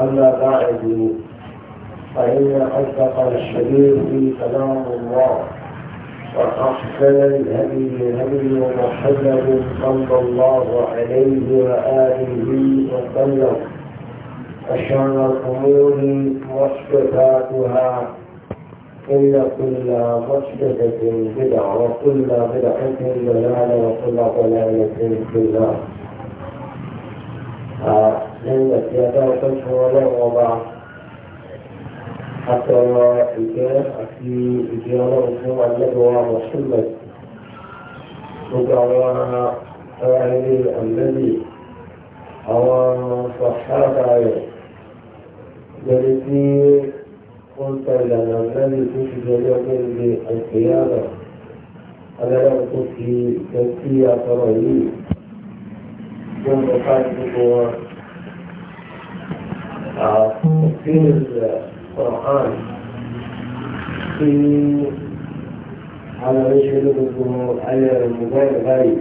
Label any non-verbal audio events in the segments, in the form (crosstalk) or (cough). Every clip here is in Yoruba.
أما بعد فإن أصدق الحديث كلام الله وأحسن الهدي هدي محمد صلى الله عليه وآله وسلم أشار الأمور محدثاتها إن كل محدثة بدعة وكل بدعة ضلالة وكل ضلالة في النار آه، lẹ́yìn àti adáwọ̀tọ́ fún ọlọ́run ọba àtọ̀rọ̀ ìgbẹ́ àti ìgbẹ́ ọlọ́run fún alẹ́bọ̀wá mọ̀ṣúlẹ̀ gbogbo àwọn ará ilé àmẹ́lì àwọn fàṣáàdà rẹ̀ lórí tí ó ń tọ́ ìlànà àmẹ́lì tó fi lórí ọgbẹ́ ilé àìsèyàrá alẹ́rọ̀ tó fi ìfẹ́ sí àtọ̀rọ̀ yìí yóò ká gbogbo wọn. تفسير القرآن في على مشهده على الموبايل غايب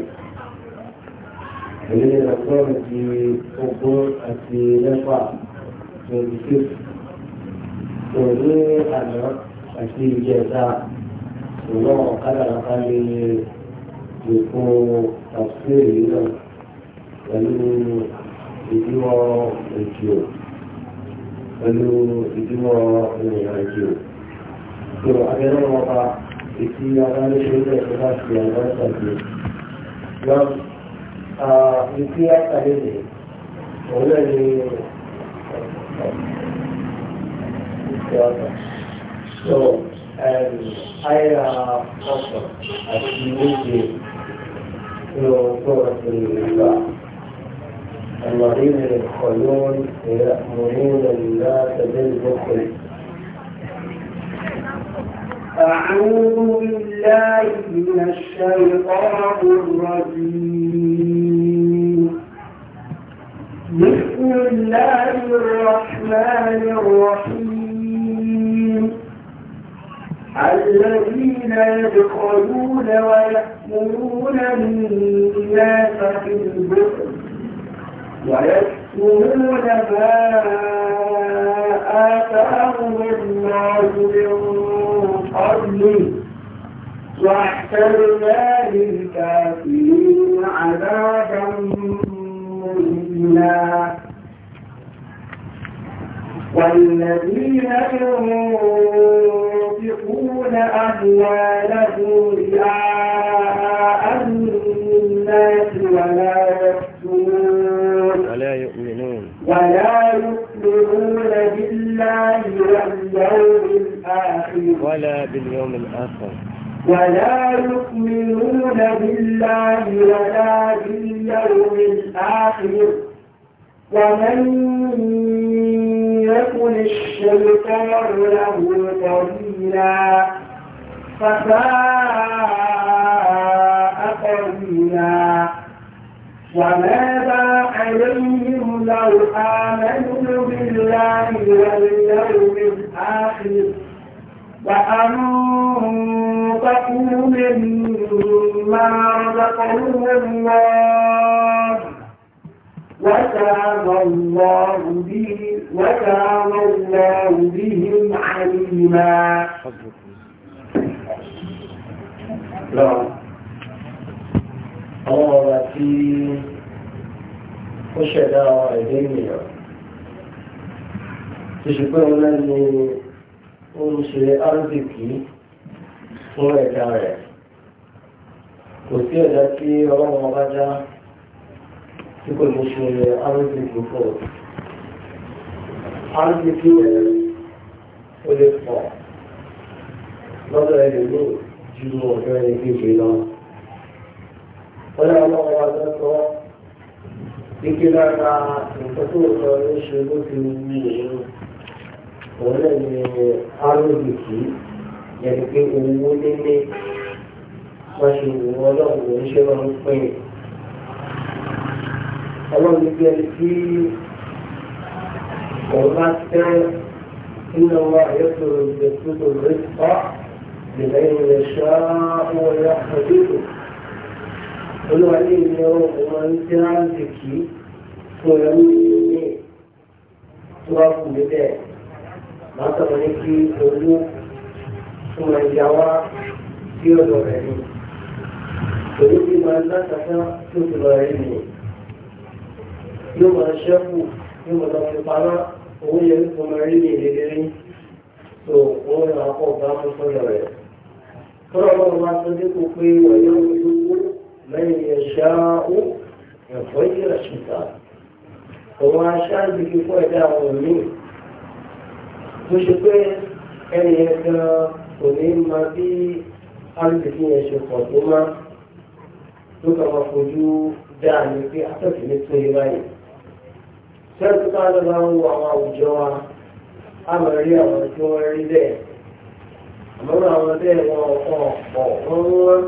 اللي نقوم في قبور في نفع والكف وهي أنا أتي جزاء والله قدر قال يكون تفسيري له ولو يجيبه الجيوب pẹ̀lú ìdíwọ́ ìrìn àjò tó abẹ́rẹ́ wọn bá ìtí aláníṣẹ́ ilẹ̀ tó bá ṣe àwọn ìṣàjò lọ́n ìtí àtàlẹ́lẹ̀ òun náà ni so um, àìrà ọ̀sán àti méje ló gbọ́dọ̀ sí الذين يدخلون ويأمرون الناس بالبخل أعوذ بالله من الشيطان الرجيم بسم الله الرحمن الرحيم الذين يدخلون ويأمرون الناس بالبخل ويكفرون ما آتاهم الله من فضله واعتدنا للكافرين عذابا مهينا والذين ينفقون أموالهم رئاء الناس ولا يكفرون ولا يؤمنون بالله واليوم الآخر ولا باليوم الآخر ولا يؤمنون بالله ولا باليوم الآخر ومن يكن الشيطان له قليلا فساء قليلا وماذا عليهم لو آمنوا بالله واليوم الآخر وأنفقوا مما رزقهم الله وكان الله به وكان الله بهم عليما. نعم. àwọn ọ̀rọ̀ àti ó ṣẹ̀dá àwọn ẹ̀dẹ́ ènìyàn ti ṣe pé wọn náà ni ó ń ṣe áńdìkì fún ẹ̀dá rẹ̀ kò sí ẹ̀dá tí ọlọ́run ọba já tí kò ní ṣe áńdìkì fún áńdìkì rẹ̀ ó lè pọ̀ lọ́dọ̀ ẹ̀dẹ̀ ní ju ọ̀dọ́ ẹni kéje lọ wọ́n yà wọ́n wà lọ́tọ́ ike lára nǹkan tó sọ ní ṣe ló fi wú òun òun náà ní arúgbìkì yẹn pé owó lélẹ̀ wọ́n ṣe wù wọ́n náà wò ń ṣe wọ́n ń pè é ọlọ́run bí ẹni tí òun bá tẹ́ nínú wa ayọ́tò ìgbẹ́tò rẹ̀ pa lè rẹ̀ ṣáá wọ́n yá ọdún olúwa ní ilé ọ̀rọ̀ ń tí ráńtì kì í fún ẹrú ìlú ní tó wá kù níbẹ̀ máa sọ̀rọ̀ ní kí olú fún ẹ̀yà wá sí ọ̀dọ̀ rẹ̀ ni pẹ̀lú bí máa ń látàkà tó ti lọ rẹ̀ ni yóò máa ṣẹ́kù yóò máa lọ fi pamọ́ owó yẹn ní fún ẹrí ní ìlérí tó wọ́n rà ọkọ̀ bá mú sọ́dọ̀ rẹ̀. Tọ́lọ́ ọlọ́run wá sọ dípò pé wọ́n yóò من يشاء غير الشيطان هو عشان بيكون دعوة منه مش كويس كان يبقى ما في أرض فيها شيطان وما تبقى مفوجو داني في حتى في مثل هواية سألت قال له وعوى وجوه أمر لي أمر لي بيه أمر لي أمر لي وعوى وعوى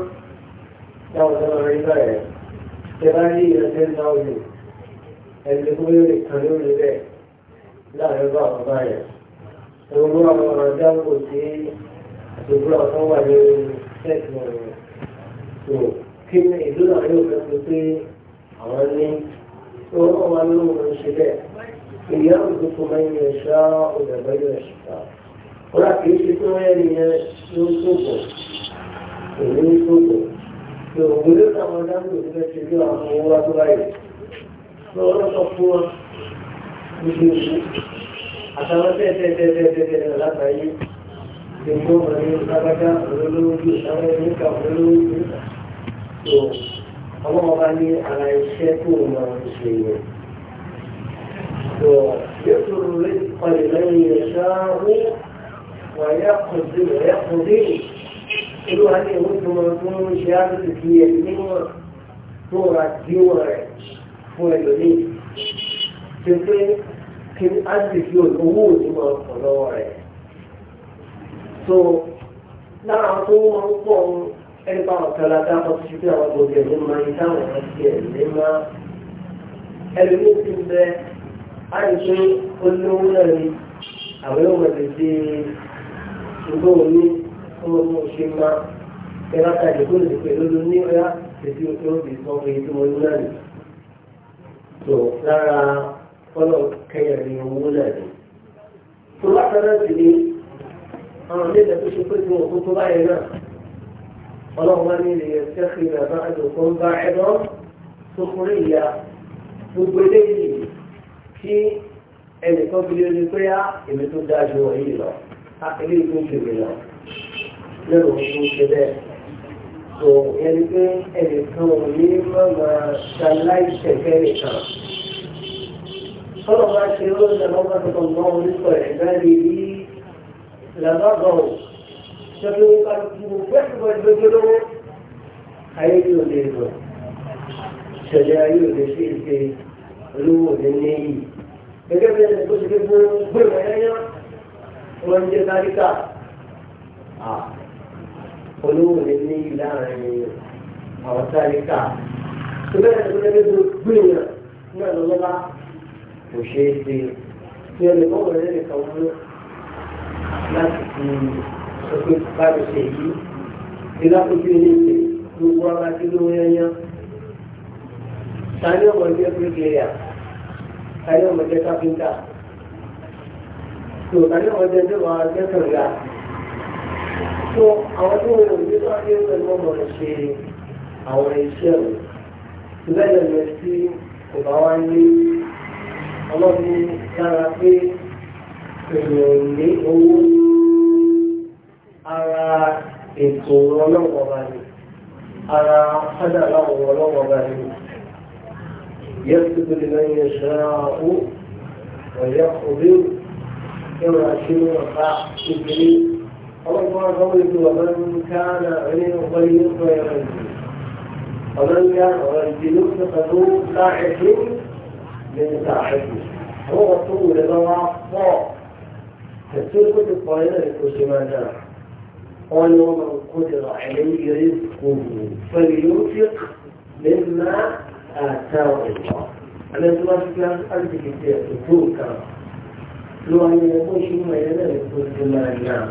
thousand or eight Ferrari yẹn ten thousand ẹni tó yẹ kan ló lè bẹ láàrin bá àwọn bá yẹn ẹgbẹ́ àwọn ọ̀rọ̀ dáńgò tí àtòkúrò àwọn wà ní sẹ́ẹ̀tì ọ̀rọ̀ tó kí ni ìlú náà yóò fẹ́ fi pé àwọn ní tó wọ́n wá lóhùn ló ń ṣe bẹ́ẹ̀ ìyá òdòdó máa ń yẹ ṣá ń tó tó òwúrò táwọn dáńgò tó fẹ́ ṣe bí àwọn owó wá tó báyìí tó ọlọ́sọ fún wọn gbogbo àtàwọn tẹ́tẹ́tẹ́tẹ́tẹ́tẹ́ látàáyé gbogbo ní lágbájá olólógbò àwọn ẹni kà olólógbò tó àwọn ní ara iṣẹ́ tó máa ń ṣe yẹn. tó yóò tó rí ọ̀lẹ́ lẹ́yìn irú àti ìwé tó mọ tó ń ṣe àtúntò kí ẹ níwọ̀n tó ra díwọ̀n rẹ̀ fún ẹlòmíì ṣe pé kí àti fi owó òní máa pọ̀ lọ́wọ́ rẹ̀. so lára tó máa ń pọ̀ ẹni bá wọn tẹ́lá dá wọn ti fi àwọn gbogbo ẹ̀mí máa ń dáhùn àti ẹ̀mí máa ẹlòmíì ti bẹ àìsí olówó náà tí mo mú ṣe máa ẹ̀rọ àtàjẹ̀ tó lè pẹ̀lú ló ní ọ̀yá ètí oṣù òbí sọ pé tí mo ní náà nì. tó lára fọlọ kẹyàn ní owó náà ni. tó bá kan náà sì ni àwọn ilé ìdàgbé ṣe pé tí mo kú tó báyìí náà ọlọ́run wá ní ilé ẹ̀sẹ̀ kí bàbá àjọkọ́ ń bá ẹ̀rọ tó kúrò ìyá gbogbo eléyìí kí ẹnìkan fi lé ní pé á ah, èmi tó dáa ju wọ̀nyí lọ á ah, eléyìí tó ṣe mí lẹ́nu ọdún ṣe bẹ́ẹ̀. tó ẹni pé ẹnìkan ò ní máa máa ṣaláì tẹ̀kẹ́ nìkan. sọ́dọ̀ máa ṣe lóṣèlú ọgbà tuntun náà oníṣọ̀ ẹ̀dá lè rí làbàbọ̀ ò. ṣẹ́bi ó ká gbogbo pẹ́ẹ́sìmọ̀ ìgbẹ́jọ́ lọ́wọ́ ayé yóò lè lọ. ìṣẹ̀lẹ̀ ayé ò lè ṣe é ṣe olówó ò ní ní gẹ́gẹ́ bí ẹni tó ṣe gbogbo gbèrò ẹ̀yán wọ́n ń jẹ́ dáríkà olówó ní láàrin àwọn sáríkà ṣùgbọ́n tó lẹ́gbẹ́ tó gbìyàn náà ló lọ́lá kò ṣeé ṣe tí ẹ lè rẹ̀ lè kàn wọ́n láti fi sọ pé báyìí ṣe yìí ti lápòjú ilé ìpè gbogbo ara tí ló yányán. Sani ọmọ jẹ́ brigadier, sani ọmọ jẹ́ kápẹ́ńtà, tòkàní ọmọ jẹ́ jẹ́ wàá jẹ́ kànga tó àwọn tó wọ́n ní bá yẹ wọ́n mọ̀ mọ̀ ṣe àwọn iṣẹ́ rẹ̀ lẹ́yìn rẹ̀ sí kò bá wá ní ọlọ́ni lára pé èèyàn ní owó ara ètò ọlọ́wọ́ bá ní ara fádà láwọn ọlọ́wọ́ bá ní يكتب لمن يشاء ويقبل كما شنو وقع في الله قولك ومن كان عرضا يرجو ومن كان رجل فذو ساعة من ساعته هو طول الوقت تسير كل الطائرة للكوشمانا قال ومن قدر عليه رزقه فلينفق مما آتاه الله أنا سؤال كان أنت كثير تقول كان لو أن يكون شيء ما يدرك كوشمانا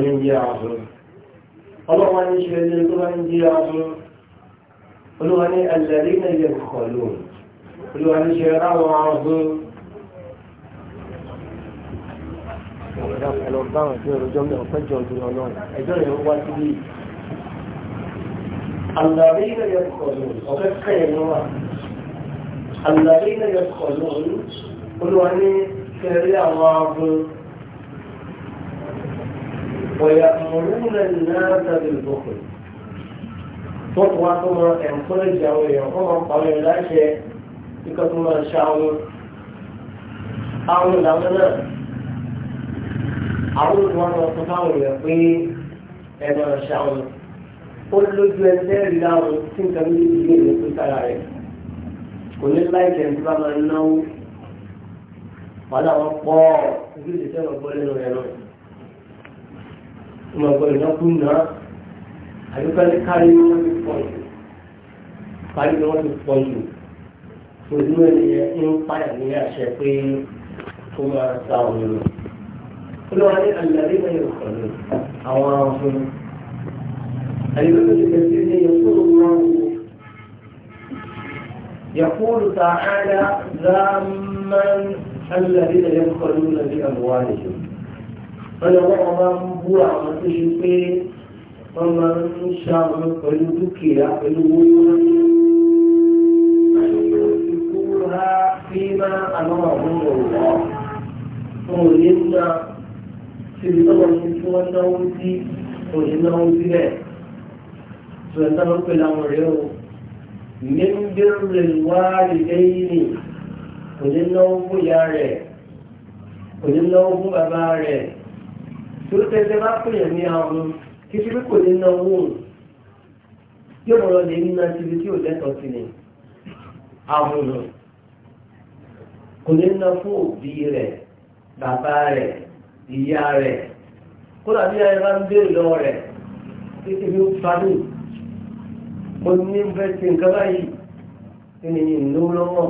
ní jẹ́ ààrùn ọlọ́wà ní ṣe ilé tó bá ń jẹ́ ààrùn olúwa ní ẹlẹ́rí ní ilé kọlù olúwa ní ṣe ráwọ̀ ààrùn ẹ̀lọ́ báwọn tí ọjọ́ mẹ́rin pẹ́jọ ọdún ọlọ́run ẹjọ́ ìlú wá sí bí الذين يدخلون وكيف الذين يدخلون قلوا أني كريا الله ويأمرون الناس بالبخل خطوة ثم انقرج أو يقوم قول لا شيء ثم شاور أو لغنا أو لغنا تفاول يقوي أيضا شاور كل جوانتين لهم سنة من الدين في سلاعي كل الله يكن تبقى أنه ولا وقع يجب أن يكون ọmọ ọgbọ́n ìnákùn náà àyíká ní kárí ni wọ́n ti pọ̀ jù kárí ni wọ́n ti pọ̀ jù ojú ẹ̀yẹ ń pààyà ní àṣẹ pé kó máa ta ọ̀nà lọ. olùwà ní àlàyé náà yóò kọ̀ àwọn ọ̀fun. àyíká ti tẹ̀sí ní ìyókùrù wọn wò. يقول تعالى ذاما الذين يبخلون بأموالهم ọlọ́wọ́ wọn máa ń bú àwọn tó ṣe pé wọ́n máa ń ṣàwọn pẹ̀lú dúkìá pẹ̀lú owó ìkúra fíìmá àwọn àwọn ọ̀rọ̀ wọn ò lè na síbi tọ́wọ́ sí tí wọ́n torí pé ẹgbẹ́ bá pèèyàn ní àrùn kí ṣe pé kò ní ná owó yóò mọ̀ lọ́ọ́ lè ní ná síbi tí ò lẹ́tọ̀ọ́ sí ni àrùn kò ní ná fún òbí rẹ̀ bàbá rẹ̀ ìyá rẹ̀ kódà bí ayé bá ń béèrè lọ́wọ́ rẹ̀ títí bí ó fadù mo ní bẹ́ẹ̀ ti nǹkan báyìí kí ni ìlú lọ́wọ́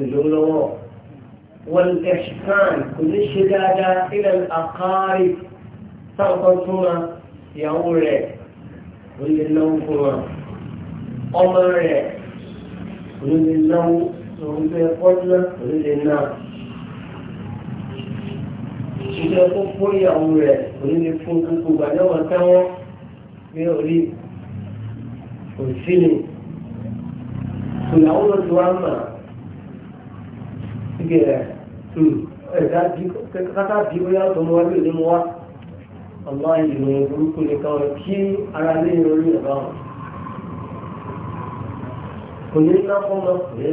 ìlú lọ́wọ́. والإحسان كل الشدادة إلى الأقارب تغطتنا يقول وللنوفنا أمر وللنو وللقلنا وللناس ìjọ tó fún ìyàwó rẹ̀ òní lè fún gbogbo gbàdéwà táwọn ní orí òsínì ìyàwó ló ti wá pé ẹ̀ hmm. ẹ̀dá bí kátà bí ó yá tọmọ wá lónìí mọ́ wá ọmọ ìròyìn burúkú nìkan rẹ̀ kí ara lé orí ẹ̀bá wọn kò ní ná fún ọmọ kò ní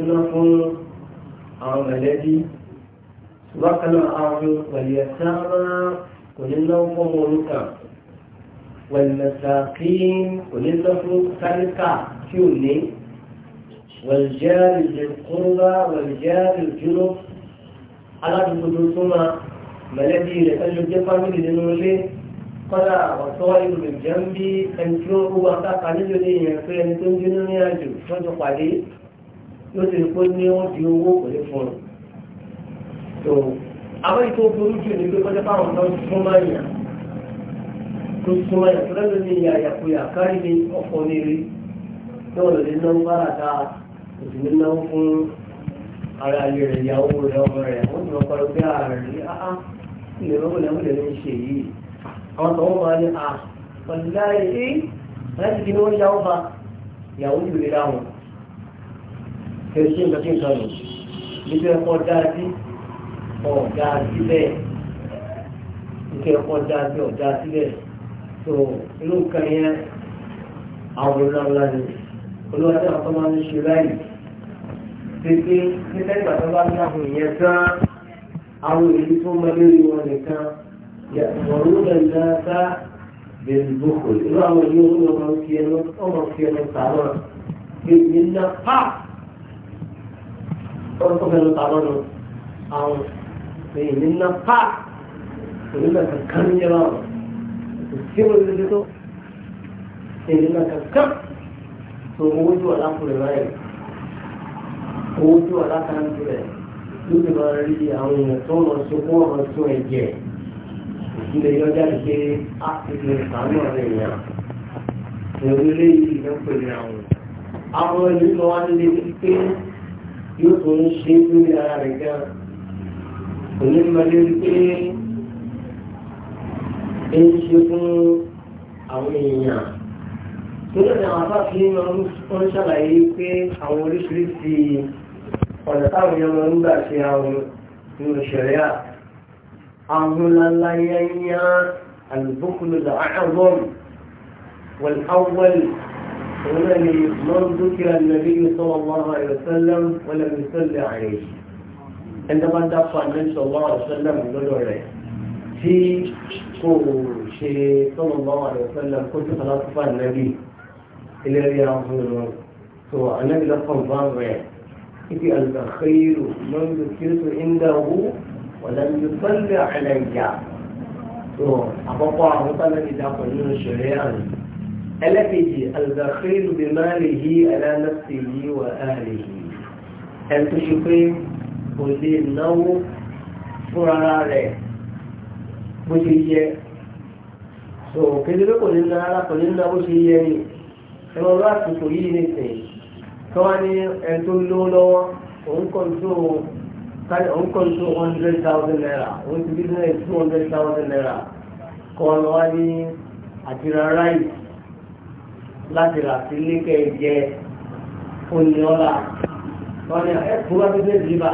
ná fún والجار ذي والجار الجنوب aládùúgbò tó súnmọ́ mọ̀lẹ́bí rẹ̀ ẹjọ́ jẹ́ fámìlì nínú ilé kọ́dà ọ̀tọ́ ìròyìn jẹ́ ń bí ẹni tí ó wá káka nílò ní ìyẹn pé ẹni tó ń dín ní àjò lọ́jọ́ pàdé ló ti pé ní wọ́n di owó kò ní fún un. tó àwọn ètò burú jù ní pé kọ́jà fáwọn tó súnmọ́ ìyà tó súnmọ́ ìyà tó lẹ́nu ní ìyà àyàkuyà kárí ní ọkọ̀ nírí náà lòdì ní náà fún ara ilé rẹ̀ ìyàwó rẹ̀ ọmọ rẹ̀ wọ́n ti ọkọ̀ pé ààrẹ ní áá ah, ah, ilé ṣe yìí àwọn tó máa ní à pẹ̀lúlá ẹ̀ láti kí ni wọ́n yáwó bá ìyàwó yìí lè dáhùn kí ṣe nǹkan kí nǹkan lò níbi ẹ̀kọ́ dáadí ọ̀gá sílẹ̀ níbi ẹ̀kọ́ dáadí ọ̀gá sílẹ̀ tó inú nǹkan yẹn àwọn tó máa ń ṣe pépé nígbà ìgbà tó bá ní àwọn èèyàn tán àwọn èyí tó mọ lórí wọn nìkan yàtọ̀rọ̀ lẹ́yìn náà bẹ̀rù bókò irú àwọn èyí wọn lọ́mọ fi ẹnu ọmọ fi ẹnu tààrọ̀ èyí ńlá pa ọmọ fi ẹnu tààrọ̀ nù àwọn èyí ńlá pa onígbà kankan ní ẹ̀rọ àwọn òsì wọn lè tó èyí ńlá kankan tó owó tó wà lápò rẹ̀ báyìí owó tí wà látàrí rẹ̀ ló ti máa rí àwọn èèyàn tó máa so kó wọn so ẹ̀jẹ̀ ìdílé yọjá ti pé á ti lè sàánú àwọn èèyàn èrò eléyìí ló pè ní àwọn. àwọn ìlú lọ wá nílé pé yóò tún ń ṣe é lórí ara rẹ̀ gan. òní máa lé pé e ń ṣe fún àwọn èèyàn. tó lóde àwọn afáfin máa ń ṣàlàyé pé àwọn oríṣiríṣi ومن الشريعة أهل البخل الأعظم والأول هنا من ذكر النبي صلى الله عليه وسلم ولم يصل عليه عندما دفع النبي صلى الله عليه وسلم يقول عليه في كل شيء صلى الله عليه وسلم كنت خلاص النبي الذي يعظم هو النبي لفظ ظاهر إذ الخير من ذكرت عنده ولم يصل علي أبقى عمطنا إذا قلنا شريعا ألكي البخيل بماله على نفسه وأهله هل تشوفين قل لي النوم فرارا له بوشيه so kí ló kò ní náírà kò ní قلنا ni ẹ̀rọ تقولي bo tọ́wọ́ ní ẹni tó lówó lọ́wọ́ òun kọ̀ǹtò òun hundred thousand naira òun ti business two hundred thousand naira kọ́ lọ́wọ́ ní àtìrà ráì láti rà sí lékẹ́ jẹ oníọ́là wọ́n ní ẹ̀kú wá sí bẹ́ẹ̀ dìbà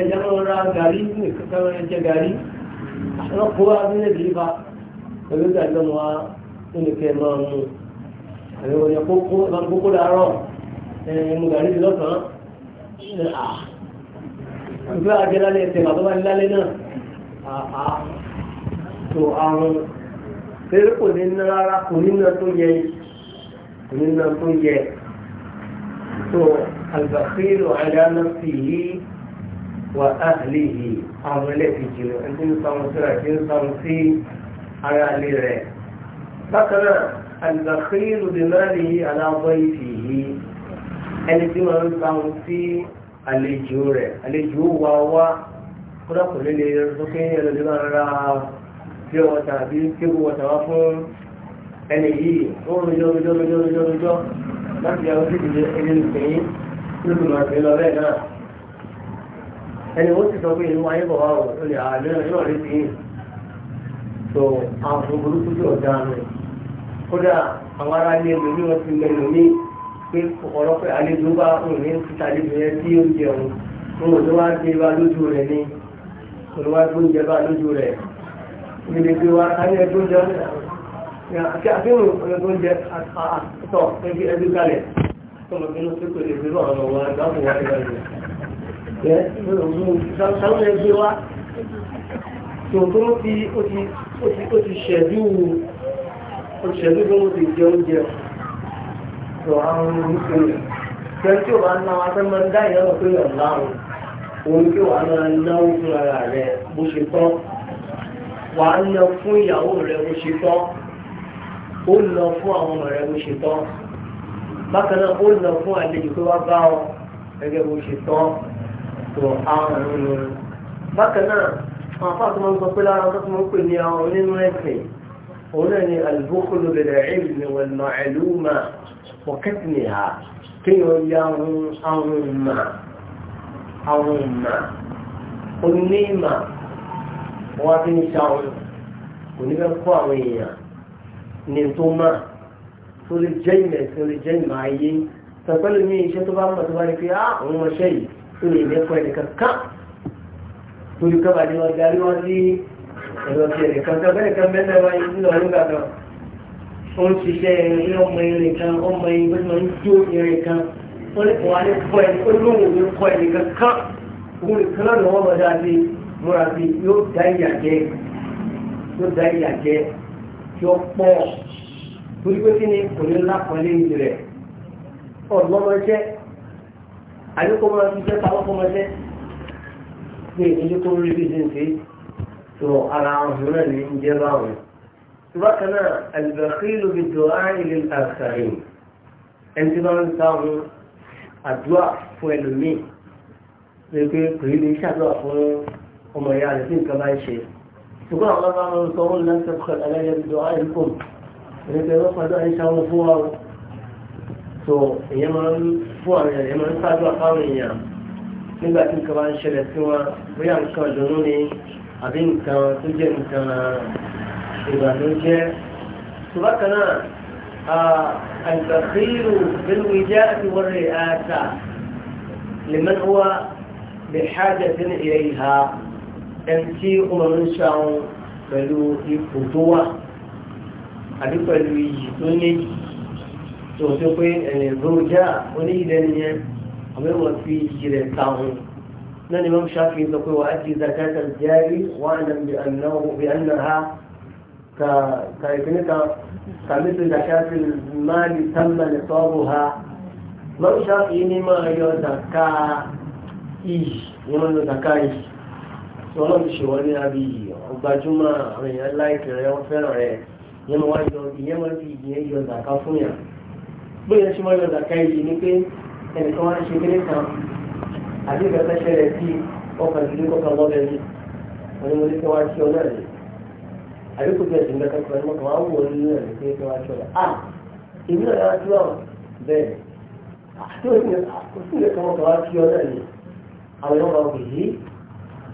ẹ̀jẹ̀ máa ra gàrí ní ìkọ́kọ́ ẹ̀jẹ̀ gàrí ẹ̀kú wá sí bẹ́ẹ̀ dìbà pẹ̀lú gàrí lọ́nà wa nínú kẹ́ máa mú àyẹ̀wò yẹ kókó lọ́nà kókó dàárọ̀. mo gàrí ti lọ́sàn-án àà nígbà àjẹ́ lálẹ́ ẹ̀tẹ̀ bàbá wà ní lálẹ́ náà àà tó àrùn péré kò ní ná rárá kò ní ná tó yẹ kò ní ná tó yẹ tó àlùbàkírò àdáná sí yìí wà áhìlìhì àwọn ẹlẹ́ẹ̀kejì rẹ̀ ẹni tí ń sáwọn síra ti ń sáwọn sí ara ilé rẹ̀ bákan náà àlùbàkírò dèmárì àlàbọ̀ ìfì yìí ẹni tí wọ́n ń sáwọn sí àlejò rẹ̀ àlejò wa wá kódà kò lè lè sókè ẹlòmí máa ra pure water àbí table water wá fún ẹni yìí ó rojọ́ rojọ́ rojọ́ rojọ́ rojọ́ láti yàrá sí ìdílé ẹni nìkẹyìn ló fi máa fi lọ bẹ́ẹ̀ náà ẹni ó sì sọ pé ìlú ayé bọ̀ wá ò ó lè àlẹ́ ah, náà lè fi so àwọn burúkú tí ọ̀daràn kódà àwọn ará ilé ẹlòmí wọn ti mẹ́lòmí pé ọ̀rọ̀ pé àlejò bá òní ń fi àlejò yẹn tí ó jẹun òun ló wá gbé bá lójú rẹ̀ ni òun wá gbé oúnjẹ bá lójú rẹ̀ níbi pé wá káyọ̀ ẹgbẹ́ oúnjẹ àti àfihàn ẹgbẹ́ oúnjẹ àtọ̀ ẹgbẹ́ ẹgbẹ́ kalẹ̀ tọmọ bí wọ́n pépè lè gbé bá ọ̀nà wa ìgbàgbọ́ wa ìgbà yẹn. ẹ sáwọn ẹgbẹ́ wa tòun tó ti ṣẹ̀dú ó ṣẹ̀dú bí wọ́n ti jẹ oúnjẹ sọ àwọn olùkọ́ rẹ̀ tẹ́lẹ̀ tí o bá náwó afẹ́mọ́ dá ìyàwó pé yọ̀ láwọn òun kí wàá lọ náwó fún ara rẹ̀ bó ṣe tọ́ wàá lọ fún ìyàwó rẹ̀ bó ṣe tọ́ ó lọ fún àwọn ọmọ rẹ̀ bó ṣe tọ́ bákan náà ó lọ fún àlejò tó wá bá ọ gẹ́gẹ́ bó ṣe tọ́ tó àwọn ọ̀run rẹ̀ bákan náà àwọn afá tó máa ń sọ pé lára tó máa ń pè ní àwọn onínú ẹ̀sìn òun náà ni àlùbókòlò bẹ̀rẹ̀ ẹ̀rì ni wọ́n lọ ẹ̀lú máa wọ̀kẹ́tìlẹ̀ ha kéèyàn yá àwọn ìmà àwọn ìmà onímà wọ́n fi ń ṣàwọn onífẹ́ kọ́ àwọn èèyàn ní tó má tó lè jẹ́ ìmẹ̀ tó lè jẹ́ ìmọ̀ ayé tàbẹ́lú ní iṣẹ́ tó bá mọ̀ tó bá ní pé á àwọn ọmọṣẹ́ yìí tó lè lẹ́kọ̀ọ́ ẹnìkan kan torí kọ́bàdé wọn darí wọn sí ẹ̀rọ ti ẹnìkan tó bẹ́ẹ̀ kan mẹ́ta wáyé nílò ọdún ó ń ṣiṣẹ́ ilé ọmọ irin kan ọmọ irin bí wọ́n ń jó irin kan wọ́n lè kọ́ wa lè kọ́ ẹni olóhùn ló kọ́ ẹni kankan òun nìkan náà lọ́wọ́ lọ́dọ̀ àti múra sí yóò dá ìyà jẹ yóò dá ìyà jẹ tí ó pọ̀ torí pé kí ni kò ní lápọ̀lé ìlú rẹ̀ ọ̀dọ́mọṣẹ́ àdékòmọ́ṣẹ́ tàbọ́kọ́mọṣẹ́ pé ìdílé tó rí bí ṣe ń ṣe tó ara ọ̀hún náà ní ń jẹ́ báwọn bákan náà àlùbẹ̀kìlù bí dùá ilé àkàrin ẹni tí wọ́n ń sáwọn àdúrà fún ẹlòmíì lè pé kìí lè ṣàdúrà fún ọmọ ìyá rẹ̀ tí nǹkan bá ń ṣe ṣùgbọ́n àwọn bá máa ń sọ wọn lẹ́sẹ̀ pẹ̀lú ẹlẹ́yẹ bí dùá ilé kùn ẹni pé wọ́n padà ń ṣàwọn fún wa so èèyàn máa ń fún àwọn èèyàn máa ń ṣàdúrà fáwọn èèyàn nígbà tí nǹkan bá ń ṣẹlẹ̀ sí wọn bóyá nǹkan ìdùnnú ni àbí nǹkan tó jẹ́ nǹkan بانوجه سبقنا آه، البخيل بالوجاءة والرئاسة لمن هو بحاجة إليها أنتي أمم شعو بلو إفتوة أدفع الوجيتوني توتوكوين يعني أن الزوجة وني دنيا أمروا في جيرتاهم نحن نمشي في ذكر وأدي زكاة الجاري وأعلم بأنه بأنها كابنك كمثل زكاة المال تم نصابها لو شاف إني ما يو زكاة إيش يوم زكاة إيش sọlọ́ọ̀dì ṣèwọ́lé àbí ọgbàjúmọ̀ àwọn èèyàn láìpẹ́ rẹ̀ wọ́n fẹ́ràn rẹ̀ yẹn wá yọ ìyẹn wọ́n fi ìyẹn yọ zàká fún yàn bóyá ṣe wọ́n yọ zàká yìí ni pé ẹnìkan wá ń ṣe kéré kan àbí ìfẹ́ fẹ́ ṣẹlẹ̀ sí ọkàn ìdílé kọ́kàn lọ́bẹ̀ẹ́ yìí wọ́n mo ní kí wọ́n á ṣe ọ àdínkù bí ẹ̀sìn lẹ́kọ̀ọ́ pẹ̀lú mọ́tò wọn wò ní ẹ̀rọ pé kí wọ́n aṣọ rẹ̀ à èmi náà yàrá tí wọ́n bẹ́ẹ̀ àti òsì lè kọ́ mọ́tò wá kí ọ náà ni àwọn èèyàn wọn kò yí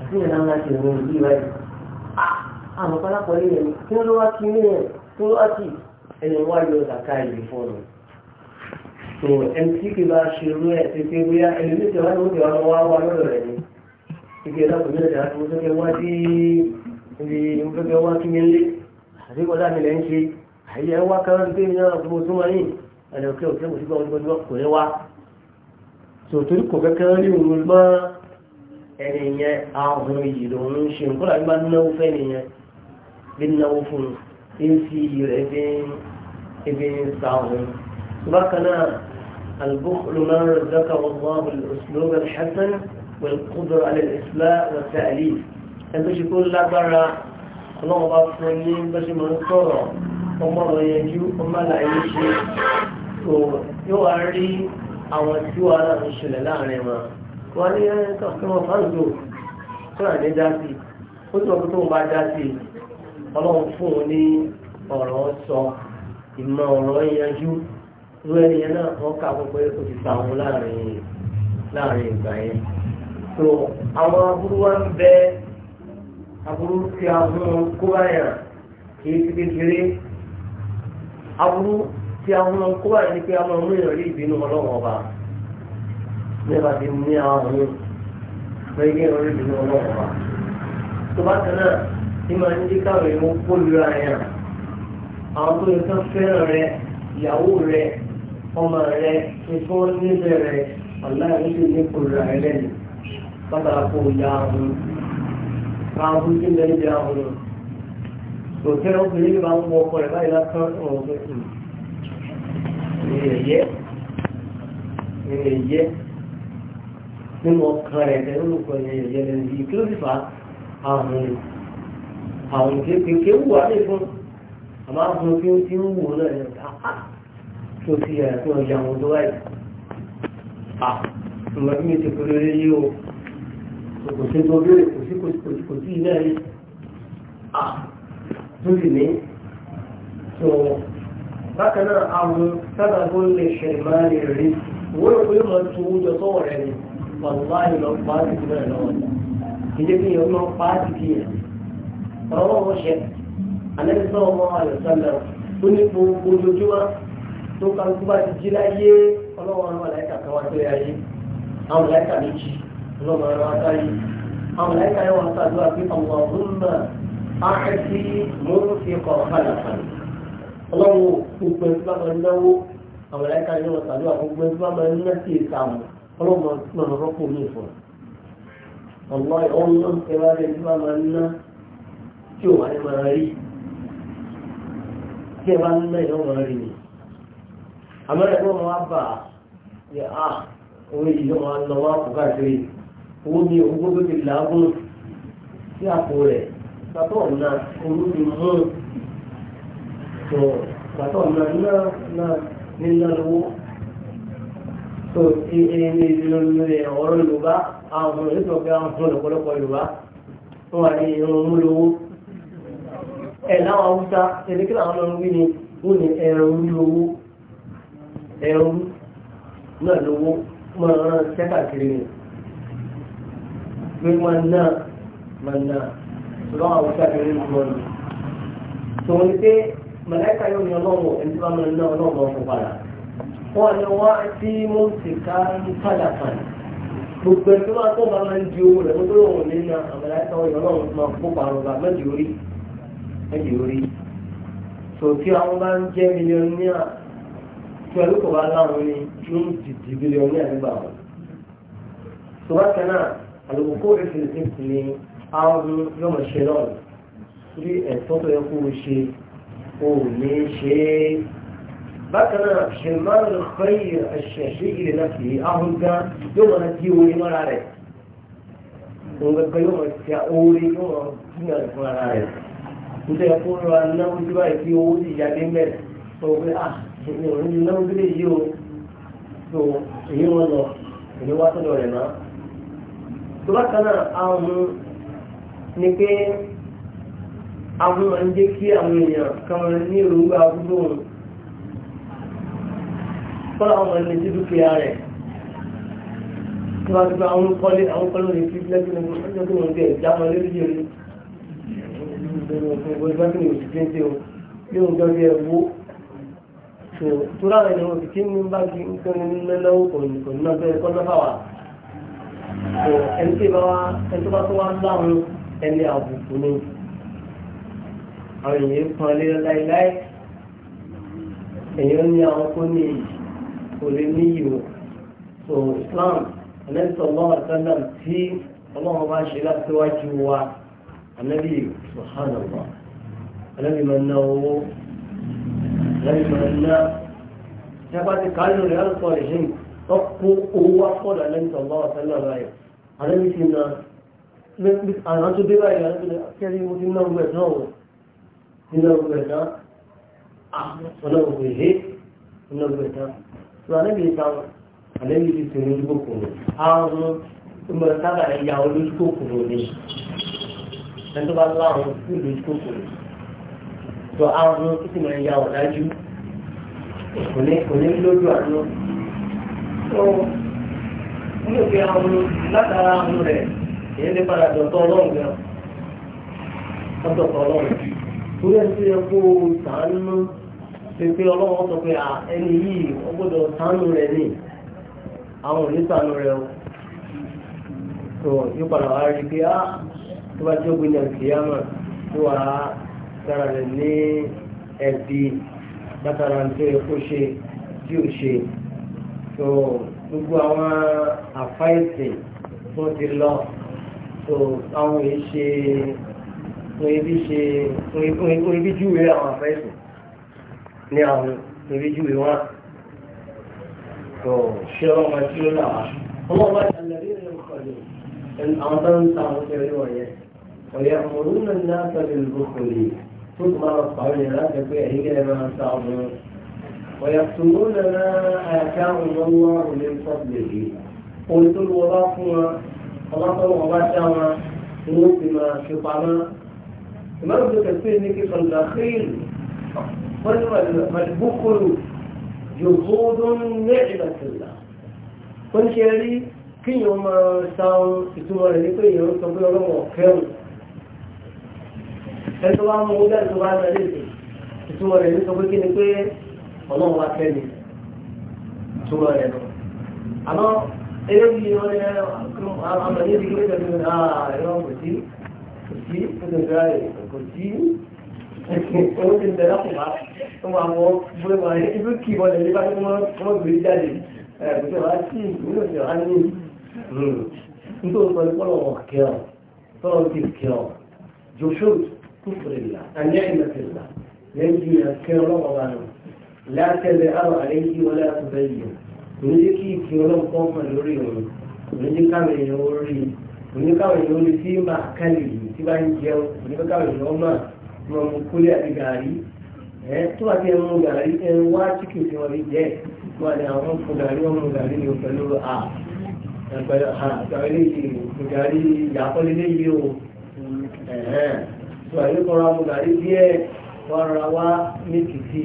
àti ìyẹn náà láti ìwé ìlú rẹ̀ à àwọn pálákọ̀ yìí yẹn kí wọ́n wá kí ní yẹn kí wọ́n wá kí ẹ̀yìn wá yọ zaka ìlú fọ́ọ̀nù tó ẹni tí kì ibi ìmúfẹ́fẹ́ ọwọ́ kí mi ń lé àdékọ́lá mi lẹ́ ń ṣe àyè ẹwà kan pé mi náà tó mo súnmọ́ yìí ẹnì òkè òkè òsì gbọ́n gbọ́n kò ní wá tòtòrí kò kẹ́kẹ́ rí òun mọ́ ẹni yẹn ahùn yìí lòun ń ṣe nǹkan láti máa náwó fẹ́ nìyẹn bí náwó fún un ń fi rẹ̀ bí ebi ń sa òun. bákan náà البخل ما رزقه الله بالأسلوب الحسن والقدر على الإصلاح والتأليف ẹ̀tọ́ ṣe kó lágbára ọlọ́run bá fún ní bó ṣe máa ń sọ̀rọ̀ ọmọ ọ̀rọ̀ yẹjú ọmọ àlàyé ṣe tó yóò wá rí àwọn tí wàá náà ń ṣẹlẹ̀ láàrin wọn wọn ní kọ́sọ́mọ̀ fáńdò tó rà ní dásì ó ti wọ́n tó ń bá dásì ọlọ́run fún un ní ọ̀rọ̀ sọ ìmọ̀ ọ̀rọ̀ yẹjú irú ẹni yẹn náà wọ́n kà wọ́n pé ó ti fa òun láàrin ìgbà yẹn aburú tí a mú kó báyà kì í ti kékeré aburú tí a mú kó báyà ni pé a máa mú ìrọ̀lẹ́ ìbínú ọlọ́wọ́ ọba nígbà tí mo ní àwọn ọmọ pé ní ìrọ̀lẹ́ ìbínú ọlọ́wọ́ ọba tó bá tẹ̀ náà ní máa ń díkà rẹ̀ mú kó lura yẹn àwọn tó yẹ kán fẹ́ràn rẹ ìyàwó rẹ ọmọ rẹ ìfọ́ níbẹ̀ rẹ ọ̀la ìrọ̀lẹ́ ìbínú ọlọ́wọ́ ọba bàbá kò yá ọ̀hún àwọn burúkú ń bẹ níbi àwọn ọ̀rọ̀ kò tẹ́lẹ̀ obìnrin ní bá ń wọ ọkọ rẹ̀ báyìí lásán ọ̀rọ̀ pé ìrẹ̀yẹ́ ìrẹ̀yẹ́ nínú ọkàn rẹ̀ tẹ́lẹ̀ olùkọ́ ìrẹ̀yẹ́ lẹ́nu yìí kí ló sì fà àwọn àwọn kékeré wù á lè fún àmọ́ àwọn tí ó ti ń wù náà ní ọ̀tá tó ti yàrá tó sí kò sí iná rí à tó sì ní tó bákan náà àwọn sábà tó lè ṣe máa lè rí owó ìwé máa tó owó jọ sọ́wọ́ rẹ̀ ni wàlúwàá lọ pa á tìtì náà lọ́wọ́ ìdí pé ìyẹn lọ pa á tìtì yẹn ọ̀rọ̀ wọn ṣe alẹ́ sọ́wọ́ wọn àyọ̀sọ́lẹ̀ tó ní gbogbo ojoojúmọ́ tó kálukú bá ti jí láyé ọlọ́wọ́ ọlọ́wọ́ láìka kan wá tó yá yé àwọn láìka méjì ọlọ́wọ́ ọlọ́wọ́ àwọn ẹ̀ka yẹn wọ́n ṣàdúrà pé Allahumma àti mọ́nfìkọ̀ kàlàkà ọlọ́wọ́ gbogbo ẹni bá máa náwó àwọn ẹ̀ka yẹn wọ́n ṣàdúrà gbogbo ẹni bá máa ná sí ìta wọn ọlọ́wọ́ máa rọ́pò mí fún un ọlọ́wọ́ ẹ̀ka yẹn máa ná tí ò ah, lọ wá kó káàkiri owó ní owó tó ti làágùn sí àpò rẹ̀ bàtọ̀ ọ̀nà owó ti mú tó bàtọ̀ ọ̀nà náà náà níná lówó tó ti ẹni lórí ọ̀rọ̀ Yorùbá àwọn ọmọ yóò tó fẹ́ àwọn ọmọ lọ́pọ̀lọpọ̀ Yorùbá wọn wà ní irun mú lówó ẹ̀ láwọn Haúsá ẹni kí làwọn ọmọ wí ni wọ́n ní ẹ̀rùn lówó ẹ̀rùn náà lówó mọ̀ ọ̀rọ̀ sẹ́kàkiri ni pé máa ná máa ná ṣùgbọ́n àwọn òṣìṣẹ́ àti onímọ̀ ni. tòun ni pé màláìka yóò ní ọlọ́wọ́ ẹni tí wọ́n máa ná ọlọ́wọ́ ọkọ̀ padà. wọ́n ní wá tí mo sì ká padà kan. gbogbo ẹni tó máa tó bá máa ń di owó rẹ̀ tó tó lóun ní na àmàláìka ọ̀yọ́ ọlọ́wọ́ tó máa kó parọ́ bá mẹ́jì orí mẹ́jì orí. tò tí àwọn bá ń jẹ́ mílíọ̀nìyà pẹ̀lú kò bá láwọn ni yóò dìdì mílíọ̀nìyà nígbà wọn. الوقوع في الإثم عرض يوم الشلال في الصوت يقول شيء قول شيء بكنا شمال الخير الشهي لنفسه أهل كان يوم نتيوه يمر عليه ونقول يوم التأولي يوم يمر عليه nítorí ẹ̀kọ́ rọra náwó tí báyìí fi owó ti jáde ń bẹ̀rẹ̀ tó pé à èmi ò ní tó bá kan ni pé ahun máa ń jẹ́ kí àwọn èèyàn kan ní èròǹgbà àbúrò òun kọ́lá àwọn ẹni tí dúkìá rẹ̀ tó bá ti gba àwọn kọ́lé àwọn kọ́lé ní fi lẹ́gbẹ̀ẹ́ ní wọ́n jẹ́ kí wọ́n jẹ́ ìjà wọn lórí jẹ́ rí ìgbà tí wọ́n ti fi ń kí ní bá ti ń kẹ́ni ní kò ní bẹ́ẹ̀ kọ́ tó ẹni tí bá wá ẹni tó bá tó wá ń láwọn ẹni àbùkù ni àwọn èèyàn kan lé láéláé èèyàn ní àwọn tó ní ìyì kò lè ní ìyì o tó Islam ẹlẹ́sìn ọlọ́run àtàlà tí ọlọ́run bá ṣe láti wájú wa ànábì sùhánàmà ànábì máa ná owó ànábì máa ná ṣẹ́pàtì kálù rẹ̀ á sọ ìṣẹ́yìn ọkọ̀ owó afọ́dà lẹ́ntọ̀ bá wà sẹ́lẹ̀ báyìí àrẹ́bí ti na àwọn tó dé báyìí àrẹ́bí ti kẹ́rí mo ti ná ọgbẹ̀ náà wọ̀ nínú ọgbẹ̀ náà ọ̀nà ọgbẹ̀ yé nínú ọgbẹ̀ náà tó àrẹ́bí ti sáwọn ah, àrẹ́bí ti sèré ojú kòkòrò àrùn ọmọ sábà ẹ̀yà olójú kòkòrò ni ẹni tó bá láwọn tó ń lò pé àwọn látara àwọn rẹ̀ èyí lè padà dọ̀tọ̀ ọlọ́run gan ọdọ̀tọ̀ ọlọ́run torí ẹni tó yẹ kó sàánú pé pé ọlọ́run sọ pé ẹni yìí ó gbọ́dọ̀ sàánú rẹ̀ ní àwọn òní sàánú rẹ̀ o tó yóò padà wá rí pé á tó bá jẹ́ ògbìn náà tó wà dára rẹ̀ ní ẹ̀bí látara tó yẹ ṣe tí ò ṣe so gbogbo àwọn àfáìsì tó ti lọ so àwọn èyí ṣe fún ibi ṣe fún ibi júwe àwọn àfáìsì ní àwọn ibi júwe wọn so ṣé ọlọ́mọ tí ó làwà ọmọ bá ti àlẹ́rí rẹ̀ kọ̀lù àwọn tó ń ta àwọn tó rí wọ̀nyẹ ọ̀yẹ́ ọmọ orúkọ náà tọ́lẹ̀ lóko lè tó tó máa pàrọ̀ yẹn láti pé ẹ̀yìn kẹ́lẹ́ máa ń ta ọmọ ويكتمون ما آتاهم الله من فضله قلت الوضاف ọlọ́pọ̀ ọba ṣá wọn ni wọ́n fi máa fi pamọ́. ìmọ̀ràn tó kẹ̀sí ní kí fọlùdàkìl wọ́n ní màdìbúkúrú yòbódún ní ìlàsìlà. wọ́n ṣe rí kí yóò máa sáwọn ìtumọ̀ rẹ̀ ní pé yóò sọ pé ọlọ́wọ̀ kẹ́rù. ẹ̀sọ́ wa mú ọjà ìtumọ̀ rẹ̀ ní ìtumọ̀ rẹ̀ ní sọ pé kí ni pé ọlọ́run wá fẹ́ mi tó ah, lọ rẹ̀ lọ. àmọ́ eléyìí wọn ni àmọ̀ ní ìdílé pẹ̀lú ẹ̀rọ kò sí kò sí kò sí owó ti bẹ̀rẹ̀ àkùnbá tó máa wọ bóyá wọn ní ibi kì í wọn lè nípa tí wọ́n gbé jáde ẹ̀ẹ́dẹ̀gbẹ̀ wá sí ìlú òṣèlú á ní hmm. nítorí pẹ̀lú pọ́lọ̀ wọn kẹ́ ọ tọ́lọ́ ti kẹ́ ọ jòṣó kúfèrè là ẹ̀yẹ́ ìmẹ̀tẹ̀lá lẹ́yìn لا تبعر عليه ولا تبين onídìkì tí ọlọ́pọ̀ pọ̀ lórí òun onídìkàwé èèyàn orí oníkàwé èèyàn orí tí máa kálí yìí tí bá ń jẹun oníkàwé èèyàn ọmọ ọmọ ọmọ kúlẹ̀ àti gàárì ẹ tó bá ti mú gàárì ẹ ń wá chicken tí wọ́n fi jẹ́ wọ́n ní àwọn fún gàárì ọmọ gàárì ni pẹ̀lú a pẹ̀lú a gàárì lèyí o gàárì yàkọ́lé lèyí o tó àyè kọ́ra ọmọ gàárì díẹ̀ wọ́n rọra wá ní kìtì.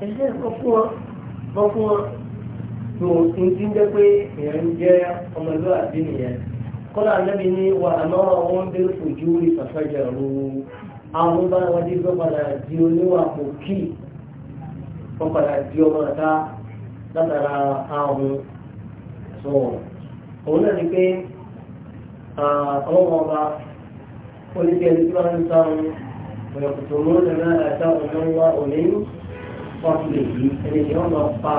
Ehe, kan fún wọn wọ́n fún wọn tó ń ti ń jẹ́ pé èèyàn ń jẹ́ ọmọlúwàbí nìyẹn kọ́lá anábì ní wà àmọ́ wọn ń bẹ̀rù fojú àwọn padà di oníwà kò kí wọ́n padà di ọmọ látara òun náà ni pé ọba oníṣẹ́ tí wọ́n ń sáwọn ọ̀yọ̀kùtò mọ́tò náà àtàwọn ọmọ wa wọ́n ti lè yí ẹni tí wọ́n lọ pa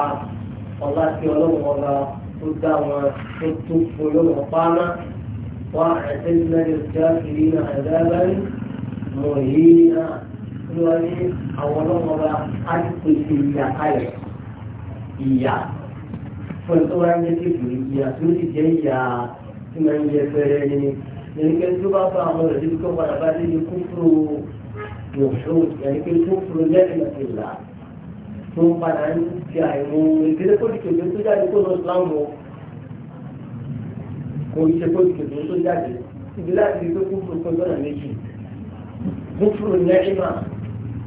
ọlá tí ọlọ́run ọba tó dá wọn tó tó fún lọ́wọ́ pàmò wá ẹ̀sẹ̀ ìlẹ́yìn ọjà kiri náà ẹ̀dá ẹ̀dáyé mọ̀ yìí náà ní wọ́n ní àwọn ọlọ́run ọba á ti pèsè ìyà kalẹ̀ ìyà fún ẹ̀tọ́ wa ń jẹ́ kékeré ìyà tó ti jẹ́ ìyà tí wọ́n ń jẹ fẹ́rẹ́ ni ẹnikẹ́ni tó bá bá àwọn ọ̀rẹ́dẹ́gbẹ́ padà bá dé ní kúfúrú yòókù ẹnikẹ́ni kúfúrú lẹ́yìn àti ìlànà tó ń padà ń fi àìmọ̀ ìdílé kódìkèdè tó jáde kó lọ láwọn kò ń ṣe kódìkèdè tó jáde ibi láti rí pé kúfúrú pé lọ́nà méjì kúfúrú nẹ́ẹ̀mà